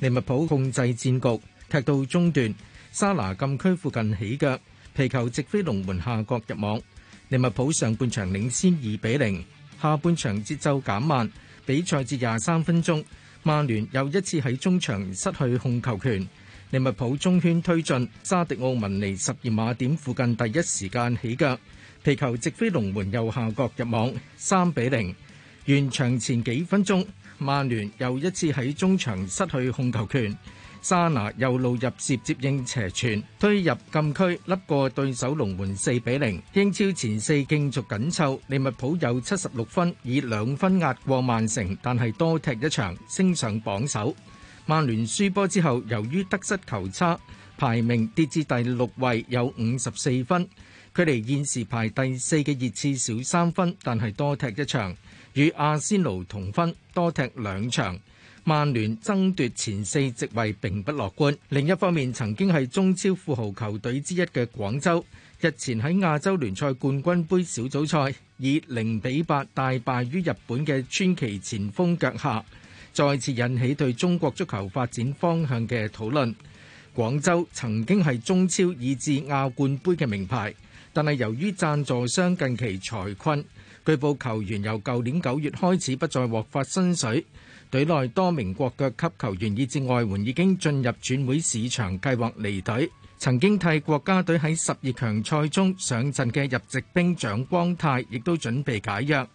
利物浦控制戰局，踢到中段，沙拿禁區附近起腳。皮球直飛龍門下角入網，利物浦上半場領先二比零。下半場節奏減慢，比賽至廿三分鐘，曼聯又一次喺中場失去控球權。利物浦中圈推進，沙迪奧文尼十二碼點附近第一時間起腳，皮球直飛龍門右下角入網，三比零。完場前幾分鐘，曼聯又一次喺中場失去控球權。沙拿右路入涉接應斜傳，推入禁區，甩過對手龍門四比零。英超前四競逐緊湊，利物浦有七十六分，以兩分壓過曼城，但係多踢一場升上榜首。曼聯輸波之後，由於得失球差，排名跌至第六位，有五十四分，距離現時排第四嘅熱刺少三分，但係多踢一場，與阿仙奴同分，多踢兩場。曼聯爭奪前四席位並不樂觀。另一方面，曾經係中超富豪球隊之一嘅廣州，日前喺亞洲聯賽冠軍杯小組賽以零比八大敗於日本嘅川崎前鋒腳下，再次引起對中國足球發展方向嘅討論。廣州曾經係中超以至亞冠杯嘅名牌，但係由於贊助商近期財困，據報球員由舊年九月開始不再獲發薪水。隊內多名國腳級球員以至外援已經進入轉會市場，計劃離隊。曾經替國家隊喺十二強賽中上陣嘅入籍兵蔣光太亦都準備解約，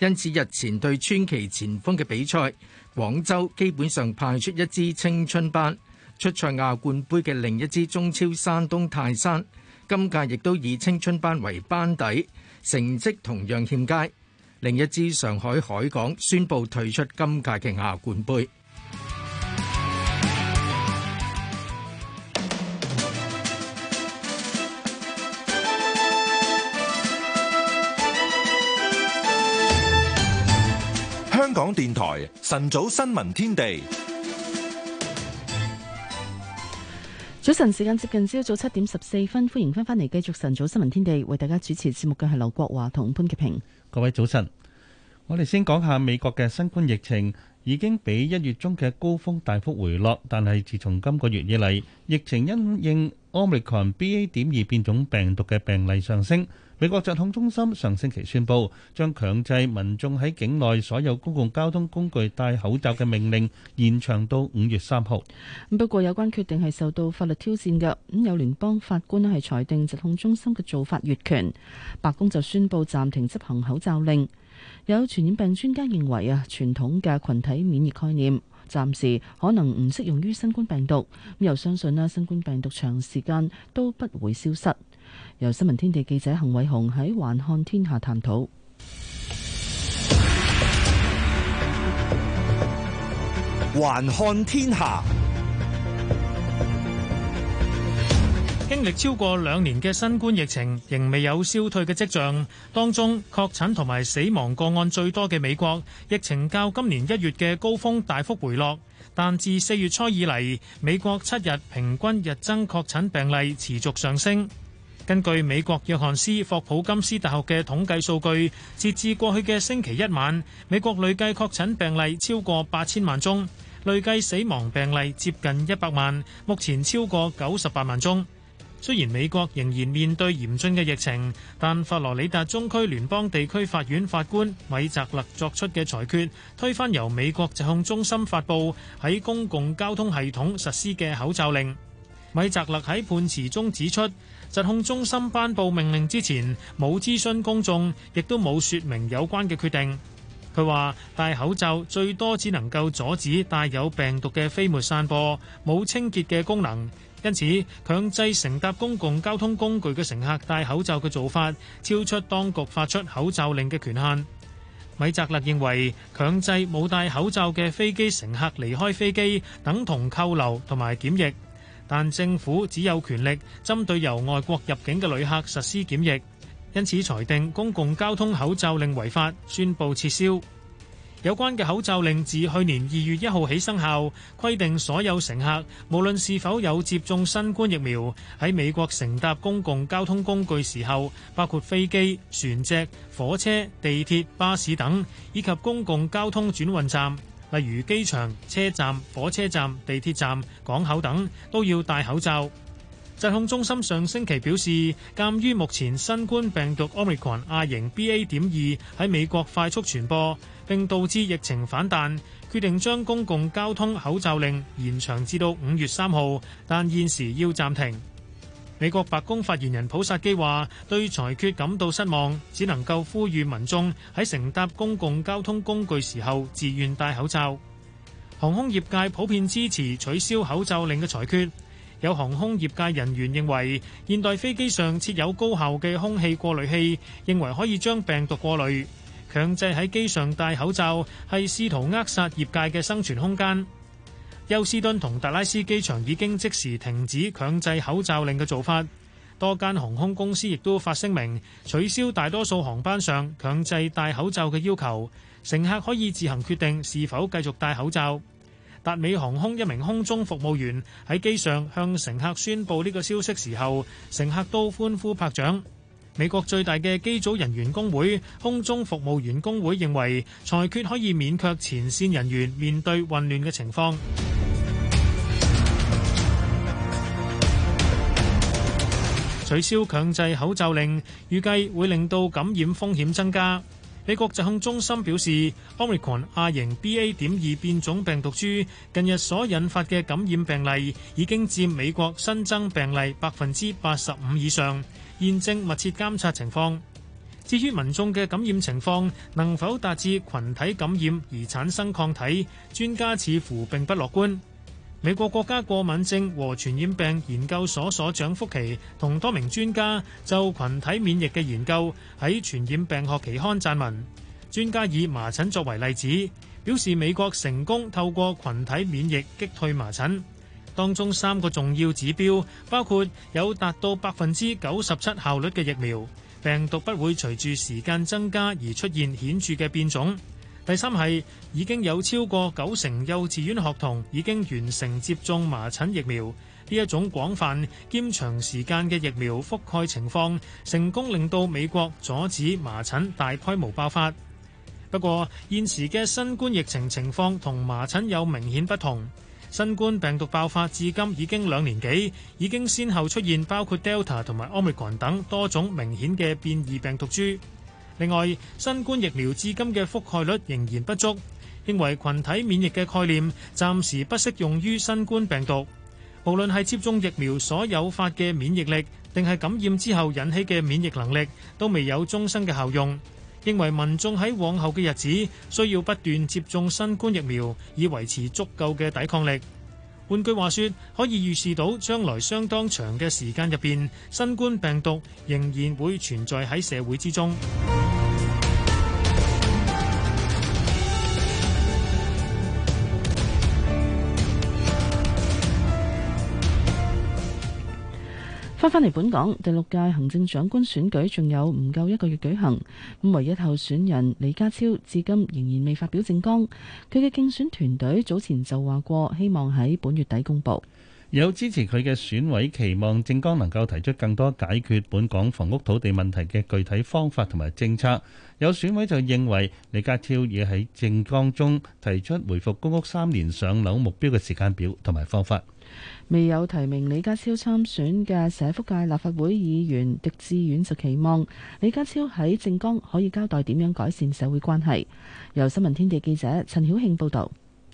因此日前對川崎前鋒嘅比賽，廣州基本上派出一支青春班，出賽亞冠杯嘅另一支中超山東泰山，今屆亦都以青春班為班底，成績同樣欠佳。另一支上海海港宣布退出今屆嘅亞冠杯。香港電台晨早新聞天地，早晨時間接近朝早七點十四分，歡迎翻返嚟繼續晨早新聞天地，為大家主持節目嘅係劉國華同潘潔平。各位早晨，我哋先講下美國嘅新冠疫情已經比一月中嘅高峰大幅回落，但係自從今個月以嚟，疫情因應 Omicron BA. 點二變種病毒嘅病例上升。美國疾控中心上星期宣布，將強制民眾喺境內所有公共交通工具戴口罩嘅命令延長到五月三號。不過有關決定係受到法律挑戰嘅，咁有聯邦法官係裁定疾控中心嘅做法越權。白宮就宣布暫停執行口罩令。有傳染病專家認為啊，傳統嘅群體免疫概念暫時可能唔適用於新冠病毒。咁又相信咧，新冠病毒長時間都不會消失。由新聞天地記者恒偉雄喺環看天下探討。環看天下，天下經歷超過兩年嘅新冠疫情，仍未有消退嘅跡象。當中確診同埋死亡個案最多嘅美國，疫情較今年一月嘅高峰大幅回落，但自四月初以嚟，美國七日平均日增確診病例持續上升。根據美國約翰斯霍普金斯大學嘅統計數據，截至過去嘅星期一晚，美國累計確診病例超過八千萬宗，累計死亡病例接近一百萬，目前超過九十八萬宗。雖然美國仍然面對嚴峻嘅疫情，但佛羅里達中區聯邦地區法院法官米澤勒作出嘅裁決，推翻由美國疾控中心發布喺公共交通系統實施嘅口罩令。米澤勒喺判詞中指出：疾控中心頒布命令之前，冇諮詢公眾，亦都冇說明有關嘅決定。佢話戴口罩最多只能夠阻止帶有病毒嘅飛沫散播，冇清潔嘅功能。因此，強制乘搭公共交通工具嘅乘客戴口罩嘅做法，超出當局發出口罩令嘅權限。米澤勒認為，強制冇戴口罩嘅飛機乘客離開飛機，等同扣留同埋檢疫。但政府只有權力針對由外國入境嘅旅客實施檢疫，因此裁定公共交通口罩令違法，宣佈撤銷。有關嘅口罩令自去年二月一號起生效，規定所有乘客無論是否有接種新冠疫苗，喺美國乘搭公共交通工具時候，包括飛機、船隻、火車、地鐵、巴士等，以及公共交通轉運站。例如機場、車站、火車站、地鐵站、港口等都要戴口罩。疾控中心上星期表示，鑑於目前新冠病毒 Omicron 亞型 BA 點二喺美國快速傳播並導致疫情反彈，決定將公共交通口罩令延長至到五月三號，但現時要暫停。美國白宮發言人普薩基話：對裁決感到失望，只能夠呼籲民眾喺乘搭公共交通工具時候自願戴口罩。航空業界普遍支持取消口罩令嘅裁決。有航空業界人員認為，現代飛機上設有高效嘅空氣過濾器，認為可以將病毒過濾。強制喺機上戴口罩係試圖扼殺業界嘅生存空間。休斯敦同達拉斯機場已經即時停止強制口罩令嘅做法，多間航空公司亦都發聲明取消大多數航班上強制戴口罩嘅要求，乘客可以自行決定是否繼續戴口罩。達美航空一名空中服務員喺機上向乘客宣佈呢個消息時候，乘客都歡呼拍掌。美國最大嘅機組人員工會，空中服務員工會認為，裁決可以免卻前線人員面對混亂嘅情況。取消強制口罩令，預計會令到感染風險增加。美國疾控中心表示，奧密克戎亞型 BA. 點二變種病毒株近日所引發嘅感染病例，已經佔美國新增病例百分之八十五以上，現正密切監察情況。至於民眾嘅感染情況能否達至群體感染而產生抗體，專家似乎並不樂觀。美國國家過敏症和傳染病研究所所長福奇同多名專家就群體免疫嘅研究喺傳染病學期刊撰文。專家以麻疹作為例子，表示美國成功透過群體免疫擊退麻疹。當中三個重要指標包括有達到百分之九十七效率嘅疫苗，病毒不會隨住時間增加而出現顯著嘅變種。第三係已經有超過九成幼稚園學童已經完成接種麻疹疫苗，呢一種廣泛兼長時間嘅疫苗覆蓋情況，成功令到美國阻止麻疹大規模爆發。不過現時嘅新冠疫情情況同麻疹有明顯不同，新冠病毒爆發至今已經兩年幾，已經先後出現包括 Delta 同埋 Omicron 等多種明顯嘅變異病毒株。另外，新冠疫苗至今嘅覆蓋率仍然不足，認為群體免疫嘅概念暫時不適用於新冠病毒。無論係接種疫苗所引發嘅免疫力，定係感染之後引起嘅免疫能力，都未有終生嘅效用。認為民眾喺往後嘅日子需要不斷接種新冠疫苗，以維持足夠嘅抵抗力。換句話說，可以預示到將來相當長嘅時間入邊，新冠病毒仍然會存在喺社會之中。翻翻嚟本港，第六屆行政長官選舉仲有唔夠一個月舉行，咁唯一候選人李家超至今仍然未發表政綱。佢嘅競選團隊早前就話過，希望喺本月底公布。有支持佢嘅選委期望政綱能夠提出更多解決本港房屋土地問題嘅具體方法同埋政策。有選委就認為李家超已喺政綱中提出回復公屋三年上樓目標嘅時間表同埋方法。未有提名李家超參選嘅社福界立法會議員狄志遠就期望李家超喺政綱可以交代點樣改善社會關係。由新聞天地記者陳曉慶報道。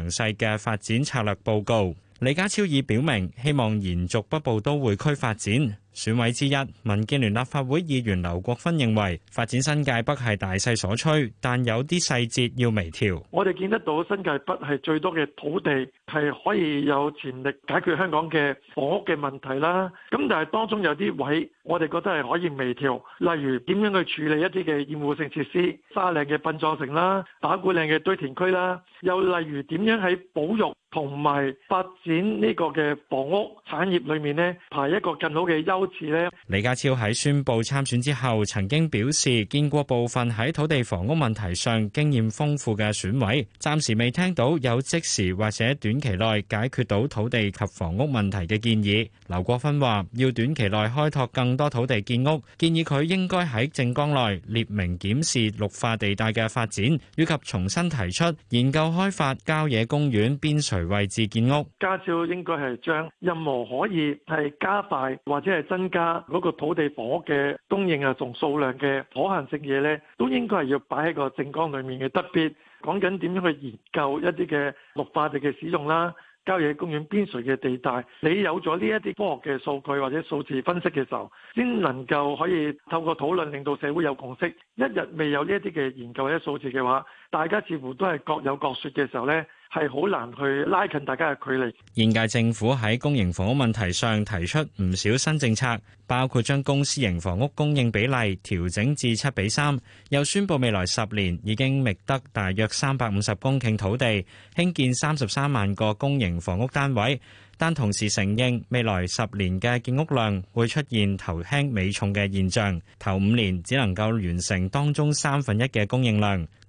詳細嘅發展策略報告。李家超已表明希望延續北部都會區發展。選委之一民建聯立法會議員劉國勳認為，發展新界北係大勢所趨，但有啲細節要微調。我哋見得到新界北係最多嘅土地，係可以有潛力解決香港嘅房屋嘅問題啦。咁但係當中有啲位，我哋覺得係可以微調，例如點樣去處理一啲嘅厭惡性設施、沙嶺嘅殯葬城啦、打鼓嶺嘅堆填區啦，又例如點樣喺保育。同埋發展呢個嘅房屋產業裏面咧，係一個更好嘅優勢咧。李家超喺宣布參選之後，曾經表示見過部分喺土地房屋問題上經驗豐富嘅選委，暫時未聽到有即時或者短期內解決到土地及房屋問題嘅建議。劉國芬話：要短期內開拓更多土地建屋，建議佢應該喺政綱內列明檢視綠化地帶嘅發展，以及重新提出研究開發郊野公園邊陲。位置建屋，加少應該係將任何可以係加快或者係增加嗰個土地房屋嘅供應啊，同數量嘅可行性嘢咧，都應該係要擺喺個政綱裡面嘅。特別講緊點樣去研究一啲嘅綠化地嘅使用啦、郊野公園邊陲嘅地帶，你有咗呢一啲科學嘅數據或者數字分析嘅時候，先能夠可以透過討論令到社會有共識。一日未有呢一啲嘅研究或者數字嘅話，大家似乎都係各有各説嘅時候咧，係好難去拉近大家嘅距離。現屆政府喺公營房屋問題上提出唔少新政策，包括將公私營房屋供應比例調整至七比三，又宣布未來十年已經覓得大約三百五十公頃土地，興建三十三萬個公營房屋單位。但同時承認未來十年嘅建屋量會出現頭輕尾重嘅現象，頭五年只能夠完成當中三分一嘅供應量。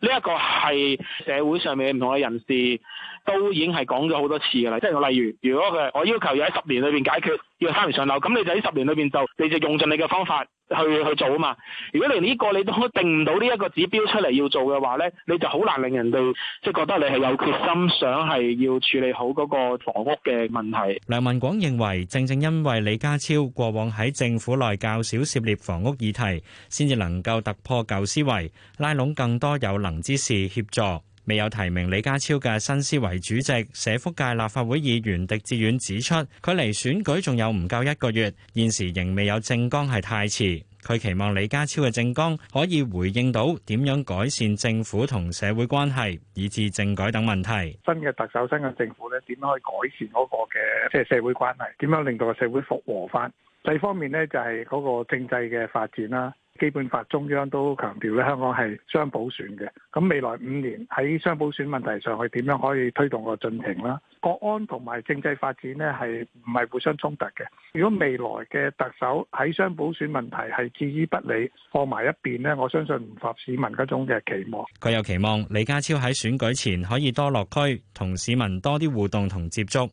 呢一個係社會上面嘅唔同嘅人士都已經係講咗好多次㗎啦，即係例如，如果佢我要求要喺十年裏邊解決。要三年上樓咁，你就喺十年裏邊就你就用盡你嘅方法去去做啊嘛。如果你呢個你都定唔到呢一個指標出嚟要做嘅話呢，你就好難令人哋即係覺得你係有決心，想係要處理好嗰個房屋嘅問題。梁文廣認為，正正因為李家超過往喺政府內較少涉獵房屋議題，先至能夠突破舊思維，拉攏更多有能之士協助。未有提名李家超嘅新思維主席社福界立法會議員狄志遠指出，距離選舉仲有唔夠一個月，現時仍未有政綱係太遲。佢期望李家超嘅政綱可以回應到點樣改善政府同社會關係，以致政改等問題。新嘅特首、新嘅政府咧，點樣去改善嗰個嘅即係社會關係？點樣令到個社會復和翻？第二方面咧，就係嗰個政制嘅發展啦。基本法中央都強調咧，香港係雙普選嘅。咁未來五年喺雙普選問題上，係點樣可以推動個進程啦？國安同埋政制發展呢係唔係互相衝突嘅？如果未來嘅特首喺雙普選問題係置之不理，放埋一邊呢，我相信唔符合市民嗰種嘅期望。佢又期望李家超喺選舉前可以多落區同市民多啲互動同接觸。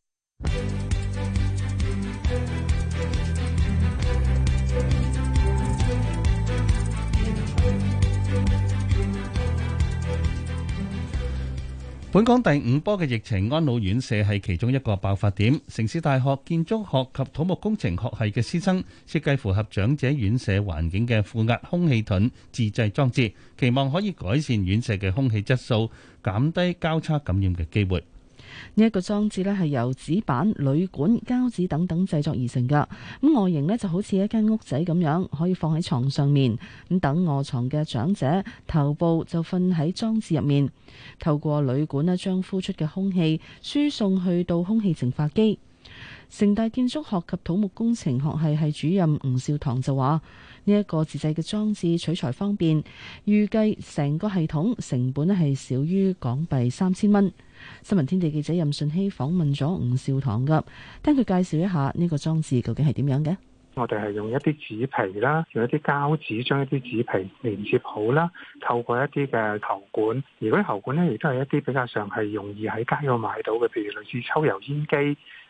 本港第五波嘅疫情，安老院舍係其中一個爆發點，城市大學建築學及土木工程學系嘅師生設計符合長者院舍環境嘅負壓空氣盾自製裝置，期望可以改善院舍嘅空氣質素，減低交叉感染嘅機會。呢一個裝置咧係由紙板、鋁管、膠紙等等製作而成噶，咁外形咧就好似一間屋仔咁樣，可以放喺床上面，咁等臥床嘅長者頭部就瞓喺裝置入面，透過鋁管咧將呼出嘅空氣輸送去到空氣淨化機。城大建築學及土木工程學系係主任吳少棠就話：呢一個自製嘅裝置取材方便，預計成個系統成本咧係少於港幣三千蚊。新聞天地記者任信希訪問咗吳兆棠噶，聽佢介紹一下呢個裝置究竟係點樣嘅？我哋係用一啲紙皮啦，用一啲膠紙將一啲紙皮連接好啦，透過一啲嘅喉管，而啲喉管咧亦都係一啲比較上係容易喺街度買到嘅，譬如類似抽油煙機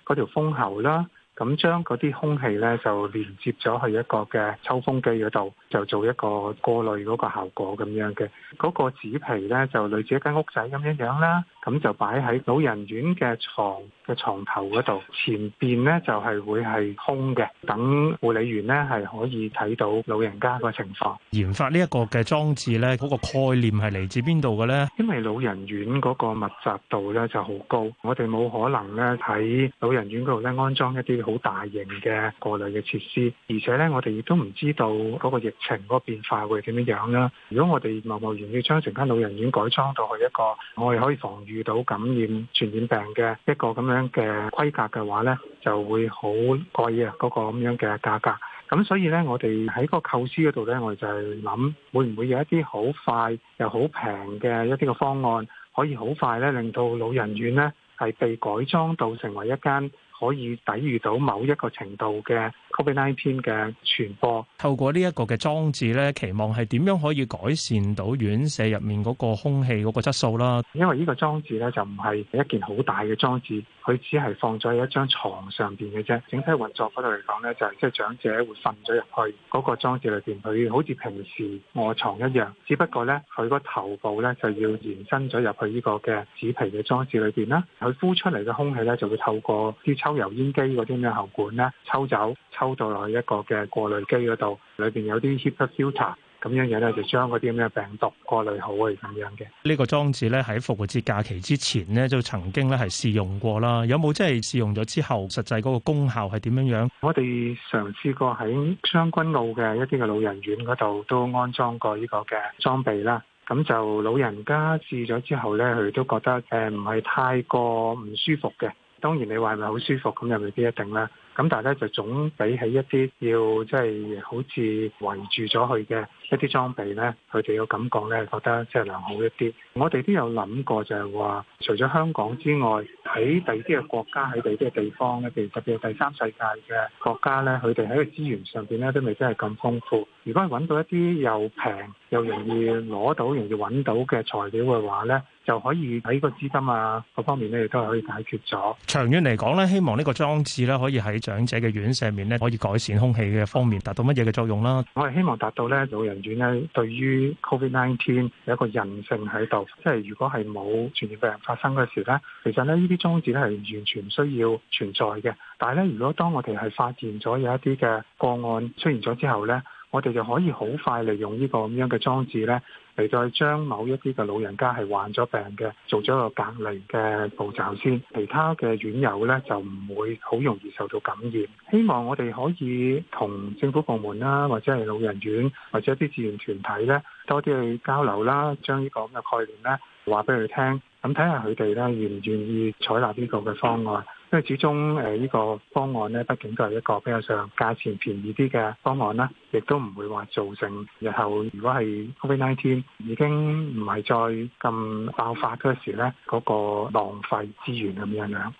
嗰條風喉啦。咁將嗰啲空氣咧就連接咗去一個嘅抽風機嗰度，就做一個過濾嗰個效果咁樣嘅。嗰個紙皮咧就類似一間屋仔咁樣樣啦，咁就擺喺老人院嘅床嘅床頭嗰度，前邊咧就係會係空嘅，等護理員咧係可以睇到老人家個情況。研發呢一個嘅裝置咧，嗰個概念係嚟自邊度嘅咧？因為老人院嗰個密集度咧就好高，我哋冇可能咧喺老人院嗰度咧安裝一啲好大型嘅過濾嘅設施，而且呢，我哋亦都唔知道嗰個疫情個變化會點樣樣啦。如果我哋貿貿然要將成間老人院改裝到去一個我哋可以防禦到感染傳染病嘅一個咁樣嘅規格嘅話呢，就會好貴啊！嗰個咁樣嘅價格。咁所以呢，我哋喺個構思嗰度呢，我哋就係諗會唔會有一啲好快又好平嘅一啲嘅方案，可以好快呢令到老人院呢，係被改裝到成為一間。可以抵禦到某一個程度嘅 COVID-19 嘅傳播。透過呢一個嘅裝置咧，期望係點樣可以改善到院舍入面嗰個空氣嗰個質素啦。因為呢個裝置咧就唔係一件好大嘅裝置。佢只係放咗喺一張床上邊嘅啫，整體運作方式嚟講呢，就係即係長者會瞓咗入去嗰個裝置裏邊，佢好似平時臥床一樣，只不過呢，佢個頭部呢就要延伸咗入去呢個嘅紙皮嘅裝置裏邊啦。佢呼出嚟嘅空氣呢，就會透過啲抽油煙機嗰啲咩喉管啦，抽走，抽到落去一個嘅過濾機嗰度，裏邊有啲 HEPA filter。咁樣嘢咧，就將嗰啲咁嘅病毒過濾好，係咁樣嘅。呢個裝置咧，喺復活節假期之前咧，就曾經咧係試用過啦。有冇即係試用咗之後，實際嗰個功效係點樣樣？我哋嘗試過喺將軍澳嘅一啲嘅老人院嗰度都安裝過呢個嘅裝備啦。咁就老人家試咗之後咧，佢都覺得誒唔係太過唔舒服嘅。當然你話係咪好舒服咁，又未必一定啦。咁但係咧，就總比起一啲要即係好似圍住咗佢嘅。一啲裝備咧，佢哋嘅感覺咧，覺得即係良好一啲。我哋都有諗過，就係話，除咗香港之外，喺第啲嘅國家，喺第啲嘅地方咧，譬如特別係第三世界嘅國家咧，佢哋喺個資源上邊咧，都未真係咁豐富。如果係揾到一啲又平又容易攞到、容易揾到嘅材料嘅話咧，就可以喺個資金啊各方面咧，亦都係可以解決咗。長遠嚟講咧，希望呢個裝置咧，可以喺長者嘅院舍面咧，可以改善空氣嘅方面，達到乜嘢嘅作用啦？我係希望達到咧，就係。源呢，對於 Covid Nineteen 有一個人性喺度。即係如果係冇傳染病發生嗰時咧，其實咧呢啲裝置咧係完全唔需要存在嘅。但係咧，如果當我哋係發現咗有一啲嘅個案出現咗之後咧，我哋就可以好快利用呢個咁樣嘅裝置呢嚟再將某一啲嘅老人家係患咗病嘅，做咗個隔離嘅步驟先。其他嘅院友呢，就唔會好容易受到感染。希望我哋可以同政府部門啦，或者係老人院或者一啲志願團體呢，多啲去交流啦，將呢個咁嘅概念呢話俾佢聽，咁睇下佢哋呢，願唔願意採納呢個嘅方案。因為始終誒呢個方案咧，畢竟都係一個比較上價錢便宜啲嘅方案啦，亦都唔會話造成日後如果係 Covid nineteen 已經唔係再咁爆發嗰時咧，嗰、嗰個浪費資源咁樣樣。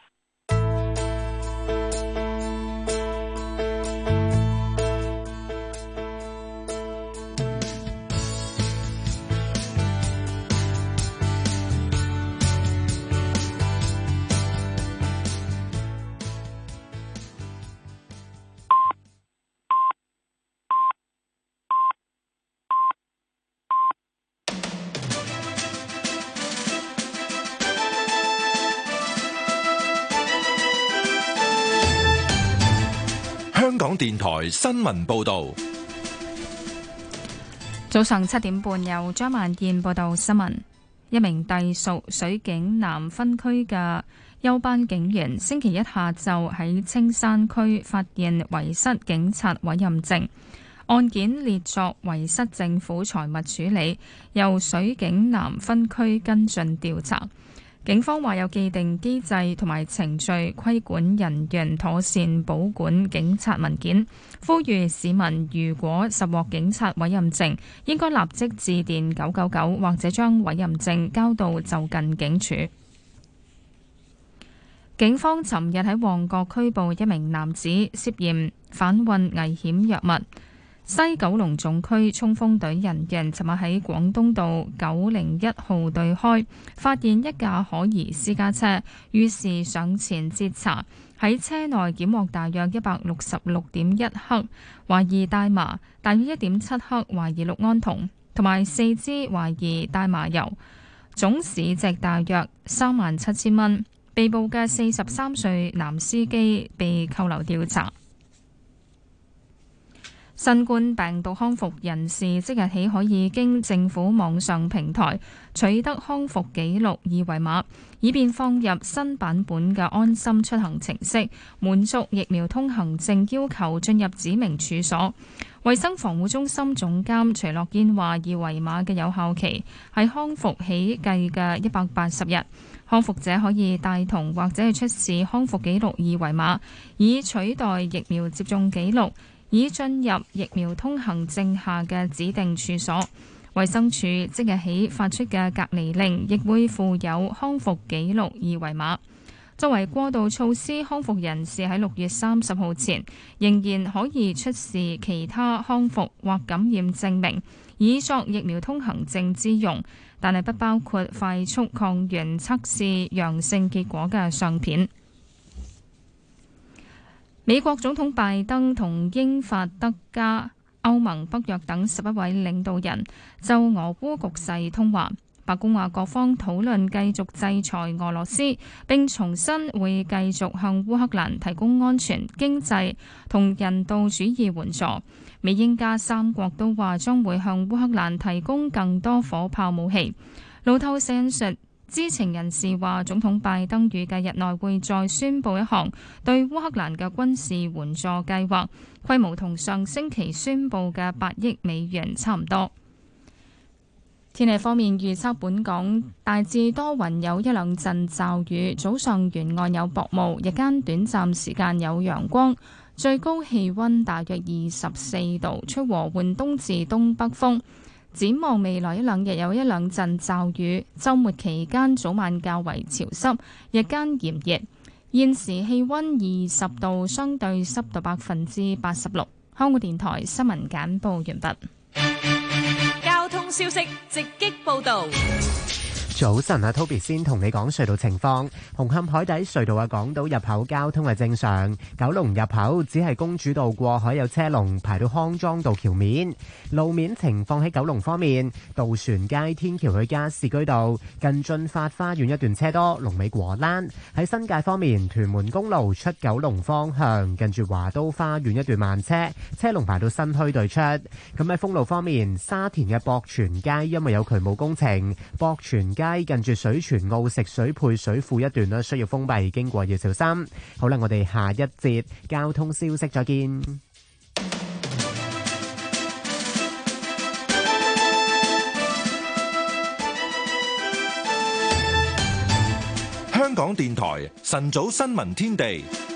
電台新聞報道，早上七點半由張萬燕報道新聞。一名隸屬水警南分區嘅休班警員，星期一下晝喺青山區發現遺失警察委任證，案件列作遺失政府財物處理，由水警南分區跟進調查。警方話有既定機制同埋程序規管人員妥善保管警察文件，呼籲市民如果拾獲警察委任證，應該立即致電九九九或者將委任證交到就近警署。警方尋日喺旺角拘捕一名男子，涉嫌販運危險藥物。西九龍總區衝鋒隊人員尋日喺廣東道九零一號對開，發現一架可疑私家車，於是上前截查，喺車內檢獲大約一百六十六點一克懷疑大麻，大約一點七克懷疑氯胺酮，同埋四支懷疑大麻油，總市值大約三萬七千蚊。被捕嘅四十三歲男司機被扣留調查。新冠病毒康復人士即日起可以經政府網上平台取得康復記錄二維碼，以便放入新版本嘅安心出行程式，滿足疫苗通行證要求進入指明處所。衛生防護中心總監徐樂堅話，二維碼嘅有效期係康復起計嘅一百八十日，康復者可以帶同或者係出示康復記錄二維碼，以取代疫苗接種記錄。已進入疫苗通行證下嘅指定處所，衛生署即日起發出嘅隔離令亦會附有康復記錄二維碼。作為過渡措施，康復人士喺六月三十號前仍然可以出示其他康復或感染證明，以作疫苗通行證之用，但係不包括快速抗原測試陽性結果嘅相片。美國總統拜登同英法德加歐盟北約等十一位領導人就俄烏局勢通話。白宮話各方討論繼續制裁俄羅斯，並重申會繼續向烏克蘭提供安全、經濟同人道主義援助。美英加三國都話將會向烏克蘭提供更多火炮武器。路透社引述。知情人士話，總統拜登預計日內會再宣佈一項對烏克蘭嘅軍事援助計劃，規模同上星期宣佈嘅八億美元差唔多。天氣方面，預測本港大致多雲，有一兩陣驟雨，早上沿岸有薄霧，日間短暫時間有陽光，最高氣溫大約二十四度，吹和緩東至東北風。展望未來一兩日有一兩陣驟雨，週末期間早晚較為潮濕，日間炎熱。現時氣溫二十度，相對濕度百分之八十六。香港電台新聞簡報完畢。交通消息直擊報導。早晨啊，Toby 先同你講隧道情況。紅磡海底隧道嘅港島入口交通係正常。九龍入口只係公主道過海有車龍排到康莊道橋面。路面情況，喺九龍方面，渡船街天橋去加士居道近駿發花園一段車多，龍尾果欄。喺新界方面，屯門公路出九龍方向近住華都花園一段慢車，車龍排到新墟對出。咁喺封路方面，沙田嘅博泉街因為有渠務工程，博泉街。近住水泉澳食水配水庫一段咧，需要封閉，經過要小心。好啦，我哋下一節交通消息再見。香港電台晨早新聞天地。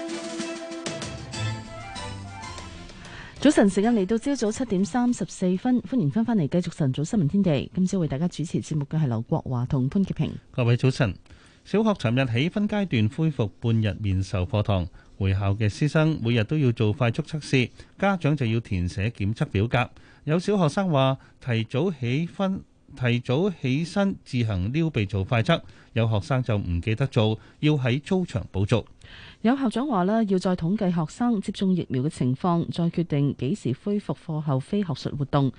早晨，時間嚟到朝早七點三十四分，歡迎翻返嚟繼續晨早新聞天地。今朝為大家主持節目嘅係劉國華同潘潔平。各位早晨。小學尋日起分階段恢復半日面授課堂，回校嘅師生每日都要做快速測試，家長就要填寫檢測表格。有小學生話提早起分。提早起身自行撩鼻做快測，有學生就唔記得做，要喺操場補足。有校長話呢，要再統計學生接種疫苗嘅情況，再決定幾時恢復課後非學術活動。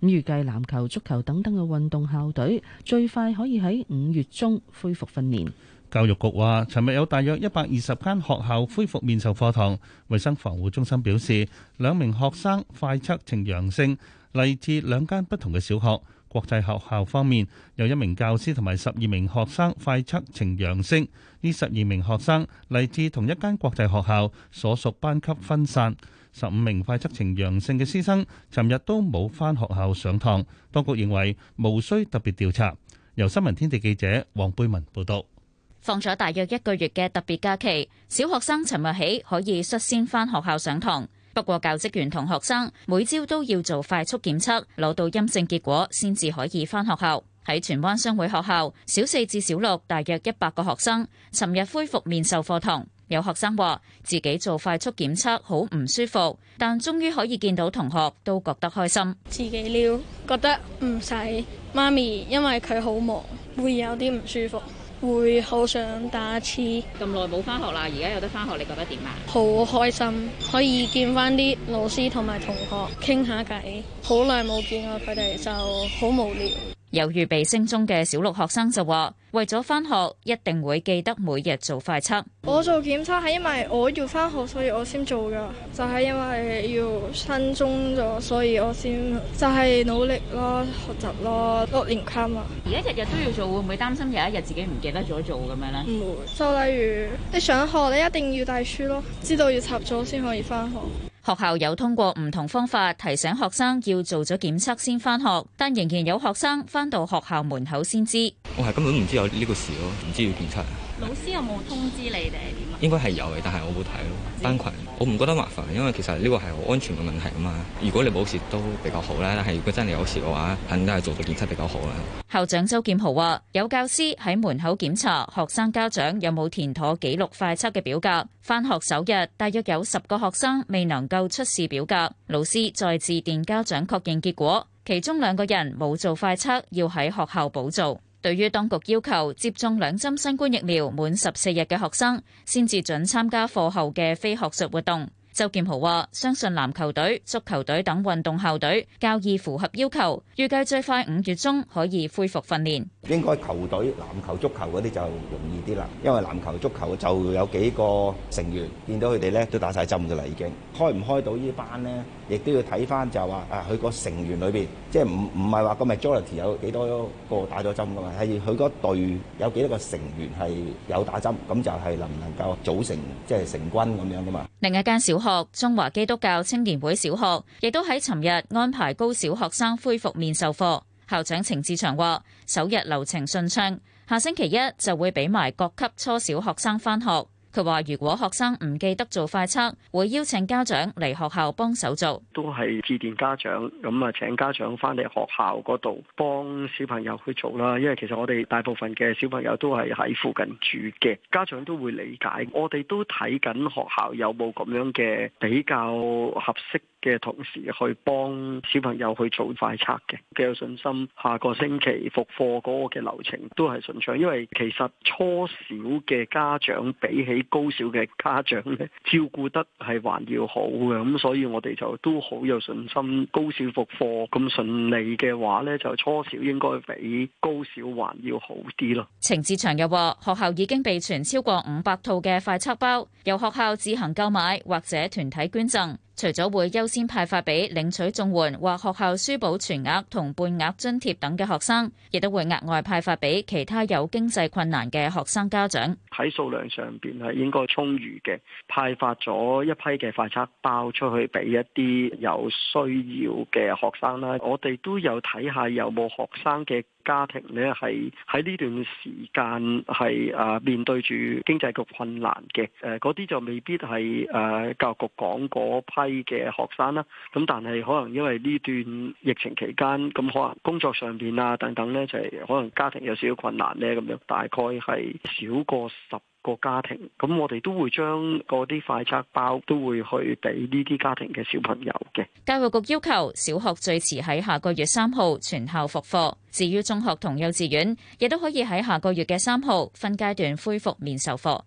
咁預計籃球、足球等等嘅運動校隊最快可以喺五月中恢復訓練。教育局話，尋日有大約一百二十間學校恢復面授課堂。衛生防護中心表示，兩名學生快測呈陽性，嚟自兩間不同嘅小學。國際學校方面，有一名教師同埋十二名學生快測呈陽性。呢十二名學生嚟自同一間國際學校，所屬班級分散。十五名快測呈陽性嘅師生，尋日都冇翻學校上堂。當局認為無需特別調查。由新聞天地記者黃貝文報道。放咗大約一個月嘅特別假期，小學生尋日起可以率先翻學校上堂。不過教職員同學生每朝都要做快速檢測，攞到陰性結果先至可以翻學校。喺荃灣商會學校，小四至小六大約一百個學生，尋日恢復面授課堂。有學生話自己做快速檢測好唔舒服，但終於可以見到同學，都覺得開心。自己撩，覺得唔使媽咪，因為佢好忙，會有啲唔舒服。會好想打次。咁耐冇返學啦，而家有得返學，你覺得點啊？好開心，可以見返啲老師同埋同學傾下偈。好耐冇見過佢哋就好無聊。有預備升中嘅小六學生就話：為咗返學，一定會記得每日做快測。我做檢測係因為我要返學，所以我先做㗎。就係因為要升中咗，所以我先就係努力咯，學習咯，六年級囉。而家日日都要做，會唔會擔心有一日自己唔記得咗做咁樣呢？唔會。就例如你想學，你一定要帶書咯，知道要插咗先可以返學。學校有通過唔同方法提醒學生要做咗檢測先返學，但仍然有學生返到學校門口先知。我係根本唔知有呢個事咯，唔知要檢測。老師有冇通知你哋？應該係有嘅，但係我冇睇咯。班群我唔覺得麻煩，因為其實呢個係好安全嘅問題啊嘛。如果你冇事都比較好啦，但係如果真係有事嘅話，肯定係做個檢測比較好啦。校長周劍豪話：有教師喺門口檢查學生家長有冇填妥記錄快測嘅表格。返學首日，大約有十個學生未能夠出示表格，老師再致電家長確認結果。其中兩個人冇做快測，要喺學校補做。對於當局要求接種兩針新冠疫苗滿十四日嘅學生，先至準參加課後嘅非學術活動。周劍豪話：相信籃球隊、足球隊等運動校隊較易符合要求，預計最快五月中可以恢復訓練。應該球隊、籃球、足球嗰啲就容易啲啦，因為籃球、足球就有幾個成員，見到佢哋咧都打晒針㗎喇，已經開唔開到呢班呢？亦都要睇翻就係話啊，佢個成員裏邊，即係唔唔係話個 majority 有幾多個打咗針噶嘛，係佢嗰隊有幾多個成員係有打針，咁就係能唔能夠組成即係成軍咁樣噶嘛？另一間小學，中華基督教青年會小學，亦都喺尋日安排高小學生恢復面授課。校長程志祥話：首日流程順暢，下星期一就會俾埋各級初小學生返學。佢話，如果學生唔記得做快測，會邀請家長嚟學校幫手做。都係致電家長，咁啊請家長翻嚟學校嗰度幫小朋友去做啦。因為其實我哋大部分嘅小朋友都係喺附近住嘅，家長都會理解。我哋都睇緊學校有冇咁樣嘅比較合適嘅同事去幫小朋友去做快測嘅。幾有信心，下個星期復課嗰個嘅流程都係順暢，因為其實初小嘅家長比起高小嘅家長咧，照顧得係還要好嘅，咁所以我哋就都好有信心高小復課咁順利嘅話咧，就初小應該比高小還要好啲咯。程志祥又話：學校已經備存超過五百套嘅快測包，由學校自行購買或者團體捐贈。除咗會優先派發俾領取綜援或學校書簿全額同半額津貼等嘅學生，亦都會額外派發俾其他有經濟困難嘅學生家長。喺數量上邊係應該充裕嘅，派發咗一批嘅快測包出去俾一啲有需要嘅學生啦。我哋都有睇下有冇學生嘅。家庭咧，係喺呢段時間係，誒面對住經濟局困難嘅，誒嗰啲就未必係誒教育局講嗰批嘅學生啦。咁但係可能因為呢段疫情期間，咁可能工作上邊啊等等咧，就係可能家庭有少少困難咧咁樣，大概係少過十個家庭咁，我哋都會將嗰啲快測包都會去俾呢啲家庭嘅小朋友嘅。教育局要求小學最遲喺下個月三號全校復課，至於中學同幼稚園，亦都可以喺下個月嘅三號分階段恢復面授課。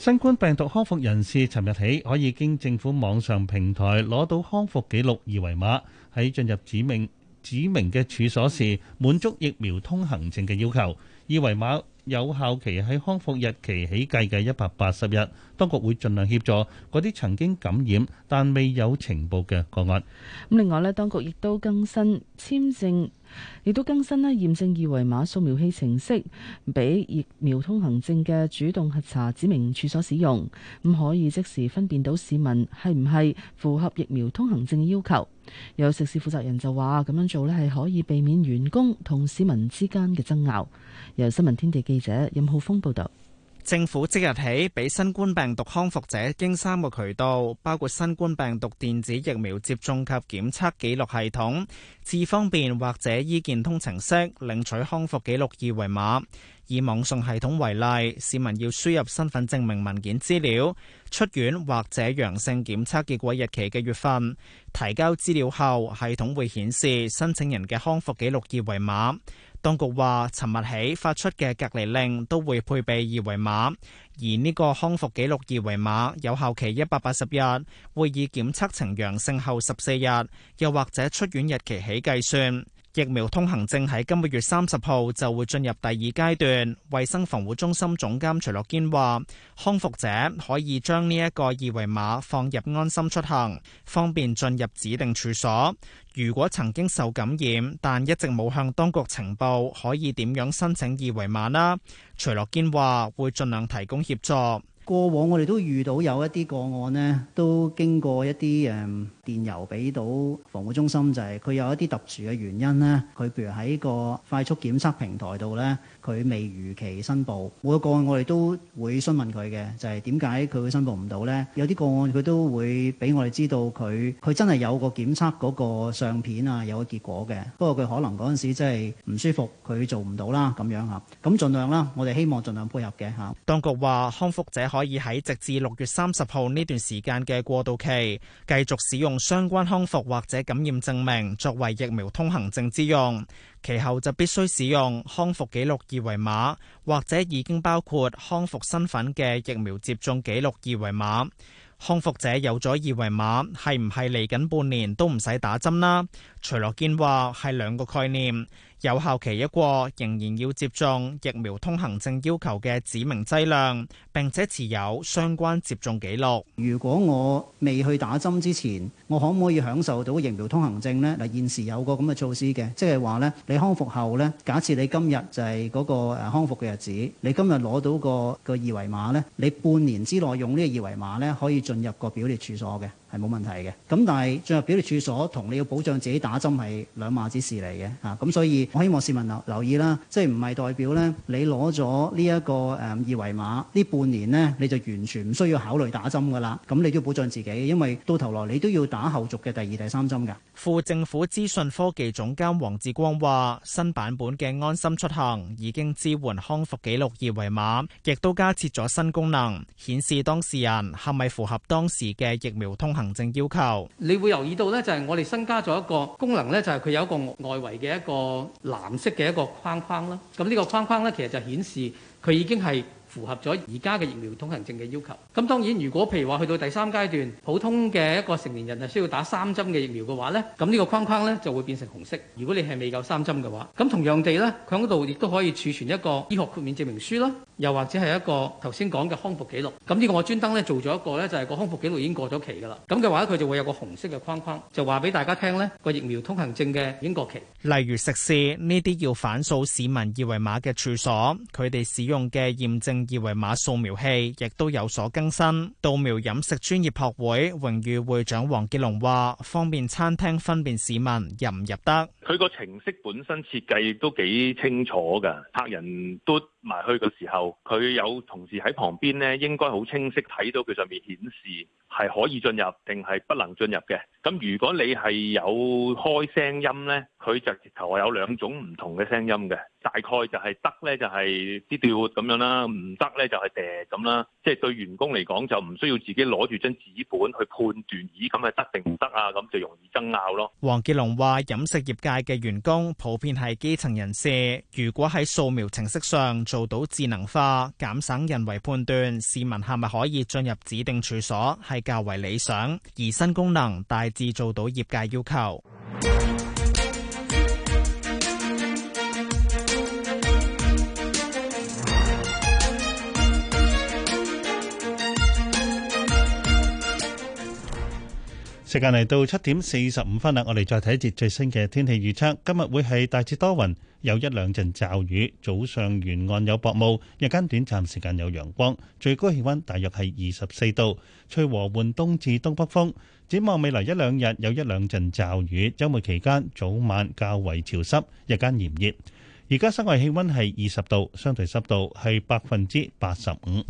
新冠病毒康復人士，尋日起可以經政府網上平台攞到康復記錄二維碼，喺進入指明指明嘅處所時滿足疫苗通行證嘅要求。二維碼有效期喺康復日期起計嘅一百八十日。當局會盡量協助嗰啲曾經感染但未有情報嘅個案。咁另外咧，當局亦都更新簽證。亦都更新啦，驗證二維碼掃描器程式，俾疫苗通行證嘅主動核查指明處所使用，咁可以即時分辨到市民係唔係符合疫苗通行證嘅要求。有食肆負責人就話，咁樣做咧係可以避免員工同市民之間嘅爭拗。由新聞天地記者任浩峰報道。政府即日起俾新冠病毒康復者經三個渠道，包括新冠病毒電子疫苗接種及檢測記錄系統、智方便或者醫健通程式領取康復記錄二維碼。以網上系統為例，市民要輸入身份證明文件資料、出院或者陽性檢測結果日期嘅月份，提交資料後，系統會顯示申請人嘅康復記錄二維碼。當局話，尋日起發出嘅隔離令都會配備二維碼，而呢個康復記錄二維碼有效期一百八十日，會以檢測呈陽性後十四日，又或者出院日期起計算。疫苗通行證喺今個月三十號就會進入第二階段。衛生防護中心總監徐樂堅話，康復者可以將呢一個二維碼放入安心出行，方便進入指定處所。如果曾經受感染但一直冇向當局呈報，可以點樣申請二維碼呢？徐樂堅話：會盡量提供協助。過往我哋都遇到有一啲個案呢，都經過一啲誒。嗯電郵俾到防護中心，就係佢有一啲特殊嘅原因呢，佢譬如喺個快速檢測平台度呢，佢未如期申報。每個個案我哋都會詢問佢嘅，就係點解佢會申報唔到呢？有啲個案佢都會俾我哋知道佢，佢真係有個檢測嗰個相片啊，有個結果嘅。不過佢可能嗰陣時真係唔舒服，佢做唔到啦，咁樣嚇。咁盡量啦，我哋希望盡量配合嘅嚇。當局話，康復者可以喺直至六月三十號呢段時間嘅過渡期繼續使用。用相關康復或者感染證明作為疫苗通行證之用，其後就必須使用康復記錄二維碼或者已經包括康復身份嘅疫苗接種記錄二維碼。康復者有咗二維碼，係唔係嚟緊半年都唔使打針啦？徐樂堅話係兩個概念。有效期一過，仍然要接種疫苗通行證要求嘅指明劑量，並且持有相關接種記錄。如果我未去打針之前，我可唔可以享受到疫苗通行證呢？嗱，現時有個咁嘅措施嘅，即係話呢，你康復後呢，假設你今日就係嗰個誒康復嘅日子，你今日攞到個個二維碼呢，你半年之內用呢個二維碼呢，可以進入個表列處所嘅。係冇問題嘅，咁但係進入表列處所同你要保障自己打針係兩碼子事嚟嘅嚇，咁、啊、所以我希望市民留留意啦，即係唔係代表咧你攞咗呢一個誒、嗯、二維碼呢半年咧你就完全唔需要考慮打針㗎啦，咁你都要保障自己，因為到頭來你都要打後續嘅第二、第三針㗎。副政府資訊科技總監黃志光話：新版本嘅安心出行已經支援康復記錄二維碼，亦都加設咗新功能，顯示當事人係咪符合當時嘅疫苗通行證要求。你會留意到呢，就係我哋新加咗一個功能呢，就係佢有一個外圍嘅一個藍色嘅一個框框啦。咁呢個框框呢，其實就顯示佢已經係符合咗而家嘅疫苗通行證嘅要求。咁當然，如果譬如話去到第三階段，普通嘅一個成年人係需要打三針嘅疫苗嘅話咧，咁呢個框框咧就會變成紅色。如果你係未夠三針嘅話，咁同樣地咧，佢喺嗰度亦都可以儲存一個醫學豁免證明書啦，又或者係一個頭先講嘅康復記錄，咁呢個我專登咧做咗一個咧，就係個康復記錄已經過咗期噶啦。咁嘅話，佢就會有個紅色嘅框框，就話俾大家聽咧個疫苗通行證嘅已經過期。例如食肆呢啲要反掃市民二維碼嘅處所，佢哋使用嘅驗證。二維碼掃描器亦都有所更新。稻苗飲食專業學會榮譽會長黃傑龍話，方便餐廳分辨市民入唔入得。佢個程式本身設計都幾清楚噶，客人都，埋去嘅時候，佢有同事喺旁邊咧，應該好清晰睇到佢上面顯示係可以進入定係不能進入嘅。咁如果你係有開聲音咧，佢就直頭係有兩種唔同嘅聲音嘅，大概就係得咧就係啲吊咁樣啦，唔得咧就係嗲咁啦。即係對員工嚟講就唔需要自己攞住張紙本去判斷，咦，咁係得定唔得啊，咁就容易爭拗咯。黃傑龍話飲食業界嘅員工普遍係基層人士，如果喺掃描程式上，做到智能化，減省人為判斷，市民係咪可以進入指定處所，係較為理想，而新功能大致做到業界要求。時間嚟到七點四十五分啦，我哋再睇一節最新嘅天氣預測。今日會係大致多雲，有一兩陣驟雨，早上沿岸有薄霧，日間短暫時間有陽光，最高氣溫大約係二十四度，吹和緩東至東北風。展望未來一兩日有一兩陣驟雨，周末期間早晚較為潮濕，日間炎熱。而家室外氣溫係二十度，相對濕度係百分之八十五。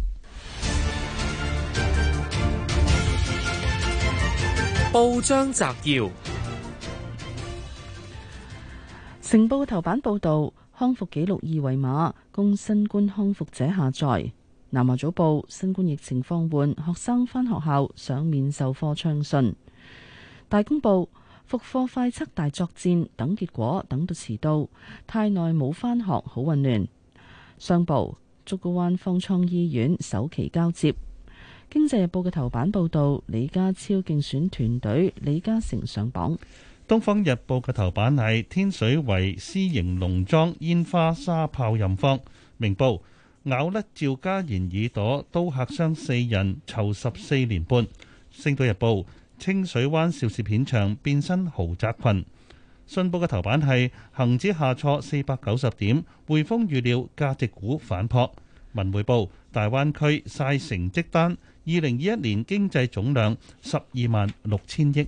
報章摘要：成報頭版報道康復記錄二維碼，供新冠康復者下載。南華早報：新冠疫情放緩，學生返學校上面授課暢順。大公報：復課快測大作戰，等結果等到遲到，太耐冇返學，好混亂。商報：竹篙灣方艙醫院首期交接。《經濟日報》嘅頭版報導李家超競選團隊李嘉誠上榜，《東方日報》嘅頭版係天水圍私營農莊煙花沙炮任放，《明報》咬甩趙家賢耳朵，刀客傷四人，囚十四年半，《星島日報》清水灣邵氏片場變身豪宅群，《信報》嘅頭版係恒指下挫四百九十點，匯豐預料價值股反撲，《文匯報》大灣區晒成績單。二零二一年經濟總量十二萬六千億。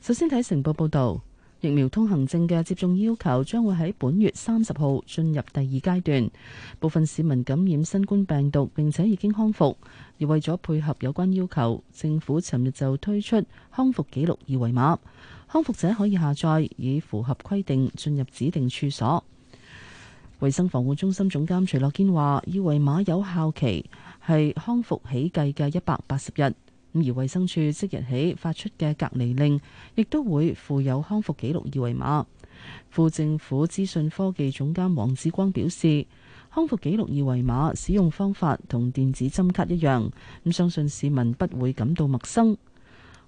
首先睇成報報導，疫苗通行證嘅接種要求將會喺本月三十號進入第二階段。部分市民感染新冠病毒並且已經康復，而為咗配合有關要求，政府尋日就推出康復記錄二維碼，康復者可以下載以符合規定進入指定處所。衛生防護中心總監徐樂堅話：二維碼有效期，係康復起計嘅一百八十日，咁而衛生署即日起發出嘅隔離令，亦都會附有康復記錄二維碼。副政府資訊科技總監黃志光表示，康復記錄二維碼使用方法同電子針卡一樣，咁相信市民不會感到陌生。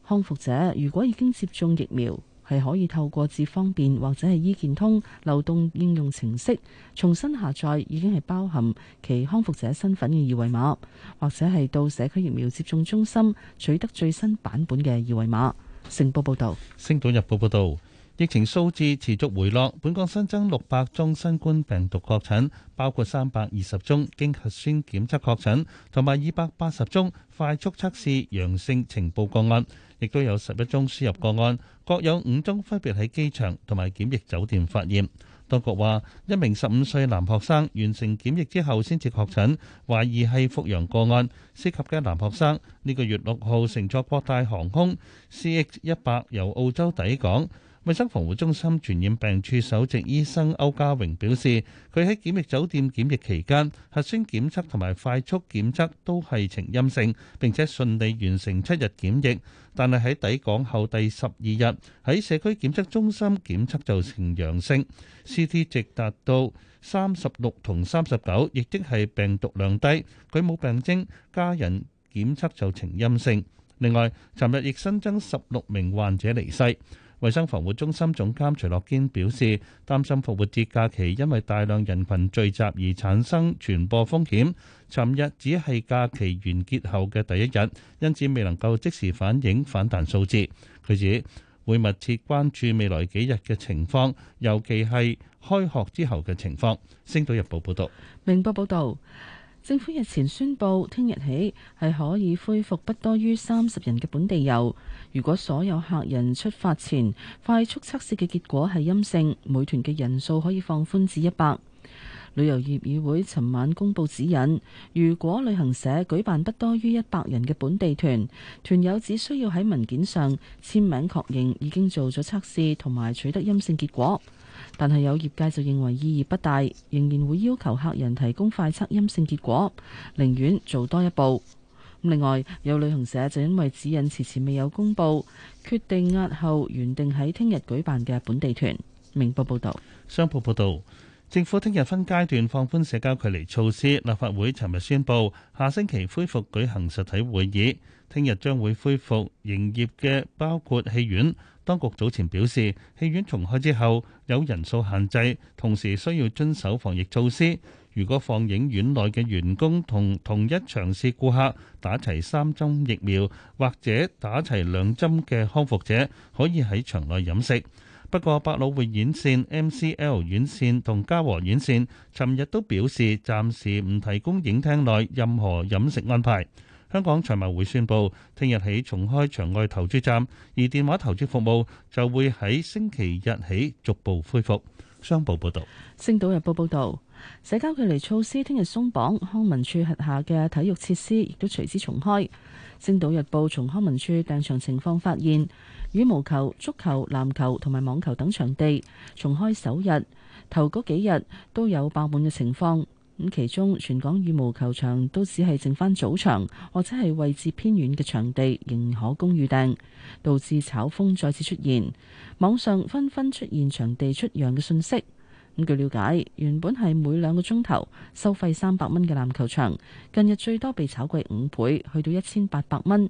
康復者如果已經接種疫苗，係可以透過智方便，或者係醫健通流動應用程式重新下載已經係包含其康復者身份嘅二維碼，或者係到社區疫苗接種中心取得最新版本嘅二維碼。成報報道，星島日報報道。疫情數字持續回落，本港新增六百宗新冠病毒確診，包括三百二十宗經核酸檢測確診，同埋二百八十宗快速測試陽性情報個案，亦都有十一宗輸入個案，各有五宗分別喺機場同埋檢疫酒店發現。當局話，一名十五歲男學生完成檢疫之後先至確診，懷疑係復陽個案，涉及嘅男學生呢個月六號乘坐國泰航空 CX 一百由澳洲抵港。衛生防護中心傳染病處首席醫生歐家榮表示，佢喺檢疫酒店檢疫期間，核酸檢測同埋快速檢測都係呈陰性，並且順利完成七日檢疫。但係喺抵港後第十二日喺社區檢測中心檢測就呈陽性，CT 值達到三十六同三十九，亦即係病毒量低。佢冇病徵，家人檢測就呈陰性。另外，尋日亦新增十六名患者離世。衛生防護中心總監徐樂堅表示，擔心復活節假期因為大量人群聚集而產生傳播風險。尋日只係假期完結後嘅第一日，因此未能夠即時反映反彈數字。佢指會密切關注未來幾日嘅情況，尤其係開學之後嘅情況。星島日報報道，明報報道。政府日前宣布，聽日起係可以恢復不多於三十人嘅本地遊。如果所有客人出發前快速測試嘅結果係陰性，每團嘅人數可以放寬至一百。旅遊業議會尋晚公布指引，如果旅行社舉辦不多於一百人嘅本地團，團友只需要喺文件上簽名確認已經做咗測試同埋取得陰性結果。但係有業界就認為意義不大，仍然會要求客人提供快測陰性結果，寧願做多一步。另外有旅行社就因為指引遲遲未有公布，決定押後原定喺聽日舉辦嘅本地團。明報報道，商報報道，政府聽日分階段放寬社交距離措施。立法會尋日宣布，下星期恢復舉行實體會議，聽日將會恢復營業嘅包括戲院。當局早前表示，戲院重開之後有人數限制，同時需要遵守防疫措施。如果放映院內嘅員工同同一場次顧客打齊三針疫苗，或者打齊兩針嘅康復者，可以喺場內飲食。不過，百老匯院線、MCL 院線同嘉禾院線尋日都表示，暫時唔提供影廳內任何飲食安排。香港賽馬會宣布，聽日起重開場外投注站，而電話投注服務就會喺星期日起逐步恢復。商報報道，《星島日報》報道，社交距離措施聽日鬆綁，康文署轄下嘅體育設施亦都隨之重開。《星島日報》從康文署訂場情況發現，羽毛球、足球、籃球同埋網球等場地重開首日，頭嗰幾日都有爆滿嘅情況。咁其中，全港羽毛球場都只係剩翻早場或者係位置偏遠嘅場地仍可供預訂，導致炒風再次出現，網上紛紛出現場地出讓嘅信息。咁據瞭解，原本係每兩個鐘頭收費三百蚊嘅籃球場，近日最多被炒貴五倍，去到一千八百蚊。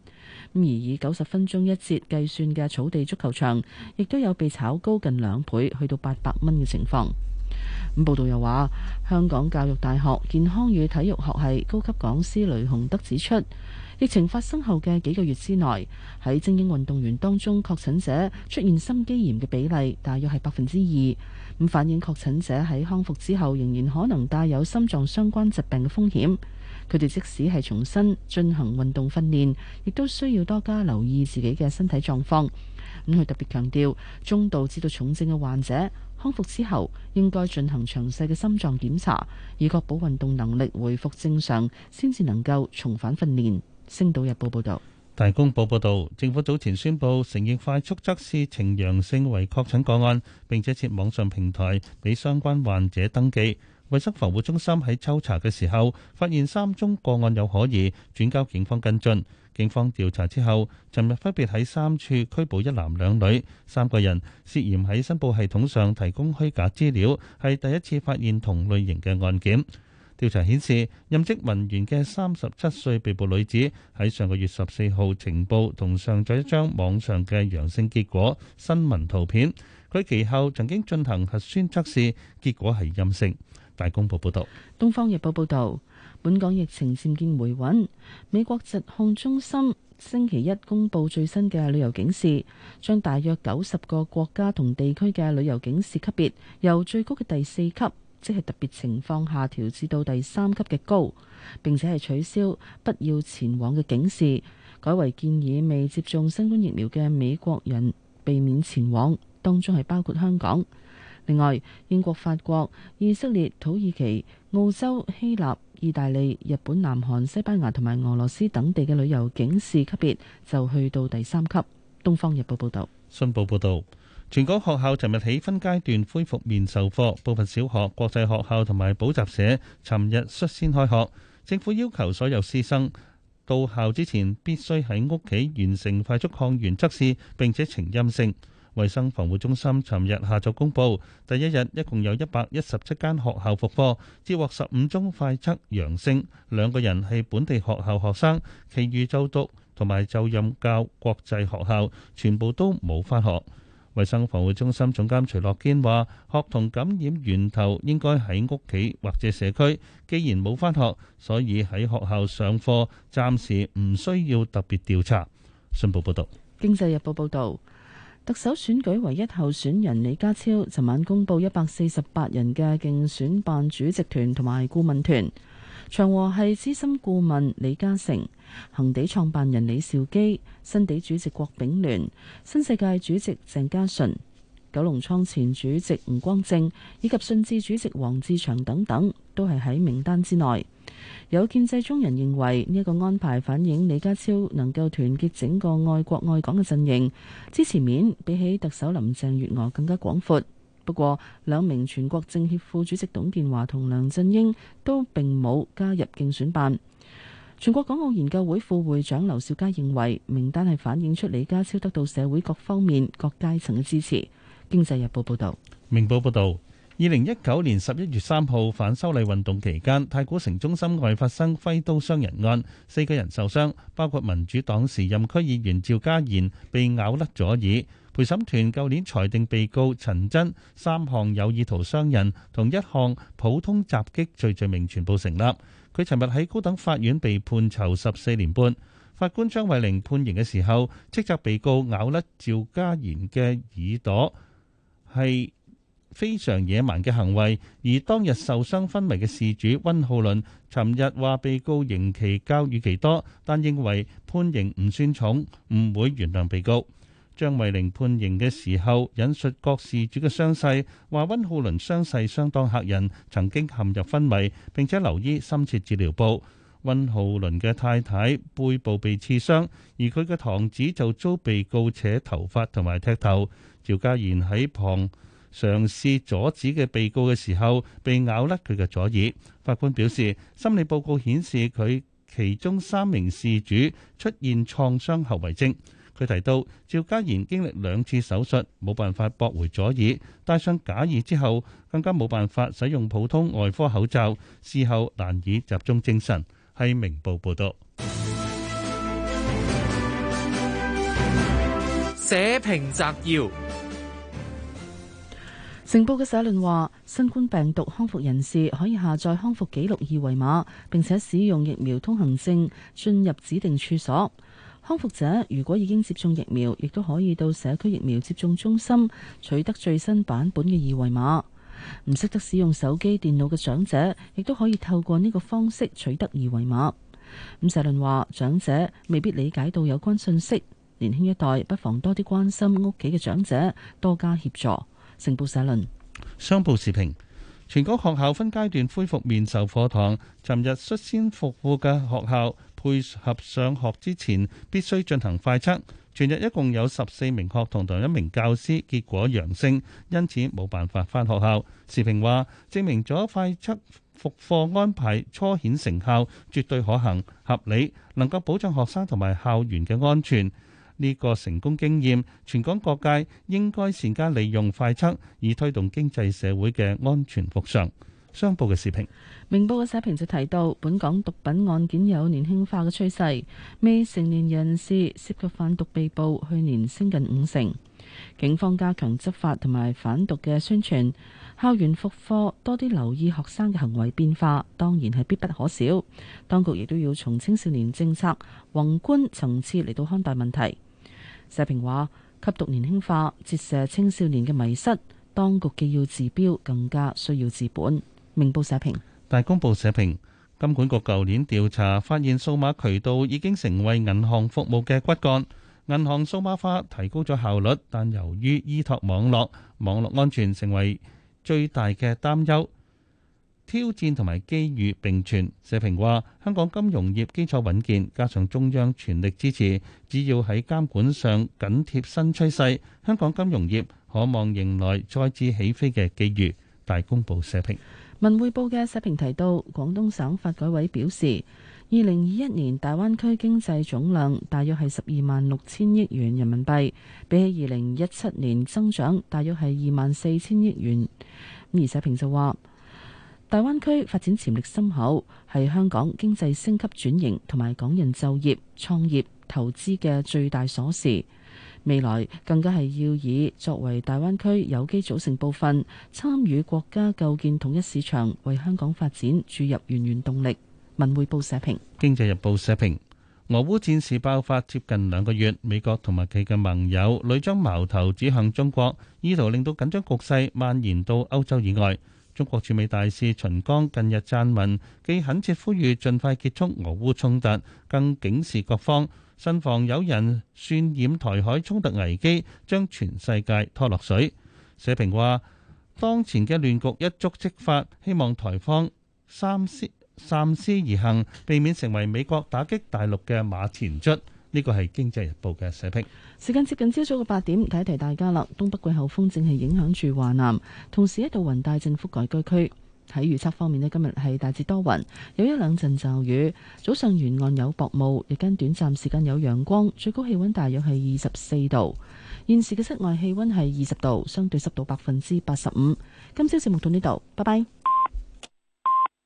咁而以九十分鐘一節計算嘅草地足球場亦都有被炒高近兩倍，去到八百蚊嘅情況。咁報道又話，香港教育大學健康與體育學系高級講師雷洪德指出，疫情發生後嘅幾個月之內，喺精英運動員當中確診者出現心肌炎嘅比例大約係百分之二，咁反映確診者喺康復之後仍然可能帶有心臟相關疾病嘅風險。佢哋即使係重新進行運動訓練，亦都需要多加留意自己嘅身體狀況。咁佢特別強調，中度至到重症嘅患者。康復之後，應該進行詳細嘅心臟檢查，以確保運動能力回復正常，先至能夠重返訓練。星島日報報道，大公報報道，政府早前宣布承認快速測試呈陽性為確診個案，並且設網上平台俾相關患者登記。衞生防護中心喺抽查嘅時候，發現三宗個案有可疑，轉交警方跟進。警方調查之後，尋日分別喺三處拘捕一男兩女，三個人涉嫌喺申報系統上提供虛假資料，係第一次發現同類型嘅案件。調查顯示，任職文員嘅三十七歲被捕女子喺上個月十四號呈報同上載一張網上嘅陽性結果新聞圖片，佢其後曾經進行核酸測試，結果係陰性。大公報報導，《東方日報》報導。本港疫情漸見回穩，美國疾控中心星期一公布最新嘅旅遊警示，將大約九十個國家同地區嘅旅遊警示級別由最高嘅第四級，即係特別情況下調至到第三級嘅高，並且係取消不要前往嘅警示，改為建議未接種新冠疫苗嘅美國人避免前往，當中係包括香港。另外，英國、法國、以色列、土耳其、澳洲、希臘。意大利、日本、南韓、西班牙同埋俄羅斯等地嘅旅遊警示級別就去到第三級。東方日報報道，信報報道，全港學校尋日起分階段恢復面授課，部分小學、國際學校同埋補習社尋日率先開學。政府要求所有師生到校之前必須喺屋企完成快速抗原測試，並且呈陰性。衛生防護中心尋日下晝公布，第一日一共有一百一十七間學校復課，接獲十五宗快測陽性，兩個人係本地學校學生，其餘就讀同埋就任教國際學校，全部都冇翻學。衛生防護中心總監徐樂堅話：學童感染源頭應該喺屋企或者社區，既然冇翻學，所以喺學校上課暫時唔需要特別調查。信報報道，《經濟日報》報道。特首選舉唯一候選人李家超，尋晚公布一百四十八人嘅競選辦主席團同埋顧問團，長和係資深顧問李嘉誠、恒地創辦人李兆基、新地主席郭炳聯、新世界主席鄭家純、九龍倉前主席吳光正以及信置主席黃志祥等等，都係喺名單之內。有建制中人認為呢一個安排反映李家超能夠團結整個愛國愛港嘅陣營，支持面比起特首林鄭月娥更加廣闊。不過兩名全國政協副主席董建華同梁振英都並冇加入競選辦。全國港澳研究會副會長劉兆佳認為名單係反映出李家超得到社會各方面各階層嘅支持。經濟日報報道，明報報道。二零一九年十一月三號反修例運動期間，太古城中心外發生揮刀傷人案，四個人受傷，包括民主黨時任區議員趙家賢被咬甩左耳。陪審團舊年裁定被告陳真三項有意圖傷人同一項普通襲擊罪罪名全部成立。佢尋日喺高等法院被判囚十四年半。法官張慧玲判刑嘅時候，斥責被告咬甩趙家賢嘅耳朵係非常野蠻嘅行為，而當日受傷昏迷嘅事主温浩倫，尋日話被告刑期較預期多，但認為判刑唔算重，唔會原諒被告。張慧玲判刑嘅時候引述各事主嘅傷勢，話温浩倫傷勢相當嚇人，曾經陷入昏迷並且留醫深切治療部。温浩倫嘅太太背部被刺傷，而佢嘅堂子就遭被告扯頭髮同埋踢頭。趙家賢喺旁。嘗試阻止嘅被告嘅時候，被咬甩佢嘅左耳。法官表示，心理報告顯示佢其中三名事主出現創傷後遺症。佢提到，趙家賢經歷兩次手術，冇辦法駁回左耳，戴上假耳之後，更加冇辦法使用普通外科口罩，事後難以集中精神。係明報報道。社評摘要。成報嘅社論話：新冠病毒康復人士可以下載康復記錄二維碼，並且使用疫苗通行證進入指定處所。康復者如果已經接種疫苗，亦都可以到社區疫苗接種中心取得最新版本嘅二維碼。唔識得使用手機電腦嘅長者，亦都可以透過呢個方式取得二維碼。咁社論話：長者未必理解到有關信息，年輕一代不妨多啲關心屋企嘅長者，多加協助。成報社論，商報時評：全國學校分階段恢復面授課堂。尋日率先復課嘅學校配合上學之前必須進行快測。全日一共有十四名學童同一名教師結果陽性，因此冇辦法返學校。時評話：證明咗快測復課安排初顯成效，絕對可行合理，能夠保障學生同埋校園嘅安全。呢個成功經驗，全港各界應該善加利用快測，以推動經濟社會嘅安全復常。商報嘅視頻，明報嘅社評就提到，本港毒品案件有年輕化嘅趨勢，未成年人士涉及販毒被捕，去年升近五成。警方加強執法同埋反毒嘅宣傳，校園復課多啲留意學生嘅行為變化，當然係必不可少。當局亦都要從青少年政策宏觀層次嚟到看待問題。社評話：吸毒年輕化，折射青少年嘅迷失。當局既要治標，更加需要治本。明報社評、大公報社評，金管局舊年調查發現，數碼渠道已經成為銀行服務嘅骨幹。銀行數碼化提高咗效率，但由於依託網絡，網絡安全成為最大嘅擔憂。挑戰同埋機遇並存，社評話：香港金融業基礎穩健，加上中央全力支持，只要喺監管上緊貼新趨勢，香港金融業可望迎來再次起飛嘅機遇。大公報社評，文匯報嘅社評提到，廣東省發改委表示，二零二一年大灣區經濟總量大約係十二萬六千億元人民幣，比起二零一七年增長大約係二萬四千億元。而社評就話，大灣區發展潛力深厚，係香港經濟升級轉型同埋港人就業、創業、投資嘅最大鎖匙。未來更加係要以作為大灣區有機組成部分，參與國家構建統一市場，為香港發展注入源源動力。文匯報社評、經濟日報社評。俄烏戰事爆發接近兩個月，美國同埋佢嘅盟友屢將矛頭指向中國，意圖令到緊張局勢蔓延到歐洲以外。中國駐美大使秦剛近日撰文，既懇切呼籲盡快結束俄烏衝突，更警示各方慎防有人渲染台海衝突危機，將全世界拖落水。社評話：當前嘅亂局一觸即發，希望台方三思三思而行，避免成為美國打擊大陸嘅馬前卒。呢個係《經濟日報》嘅社評。時間接近朝早嘅八點，提提大家啦。東北季候風正係影響住華南，同時一道雲帶正覆蓋居區。喺預測方面咧，今日係大致多雲，有一兩陣驟雨。早上沿岸有薄霧，日間短暫時間有陽光，最高氣溫大約係二十四度。現時嘅室外氣溫係二十度，相對濕度百分之八十五。今朝節目到呢度，拜拜。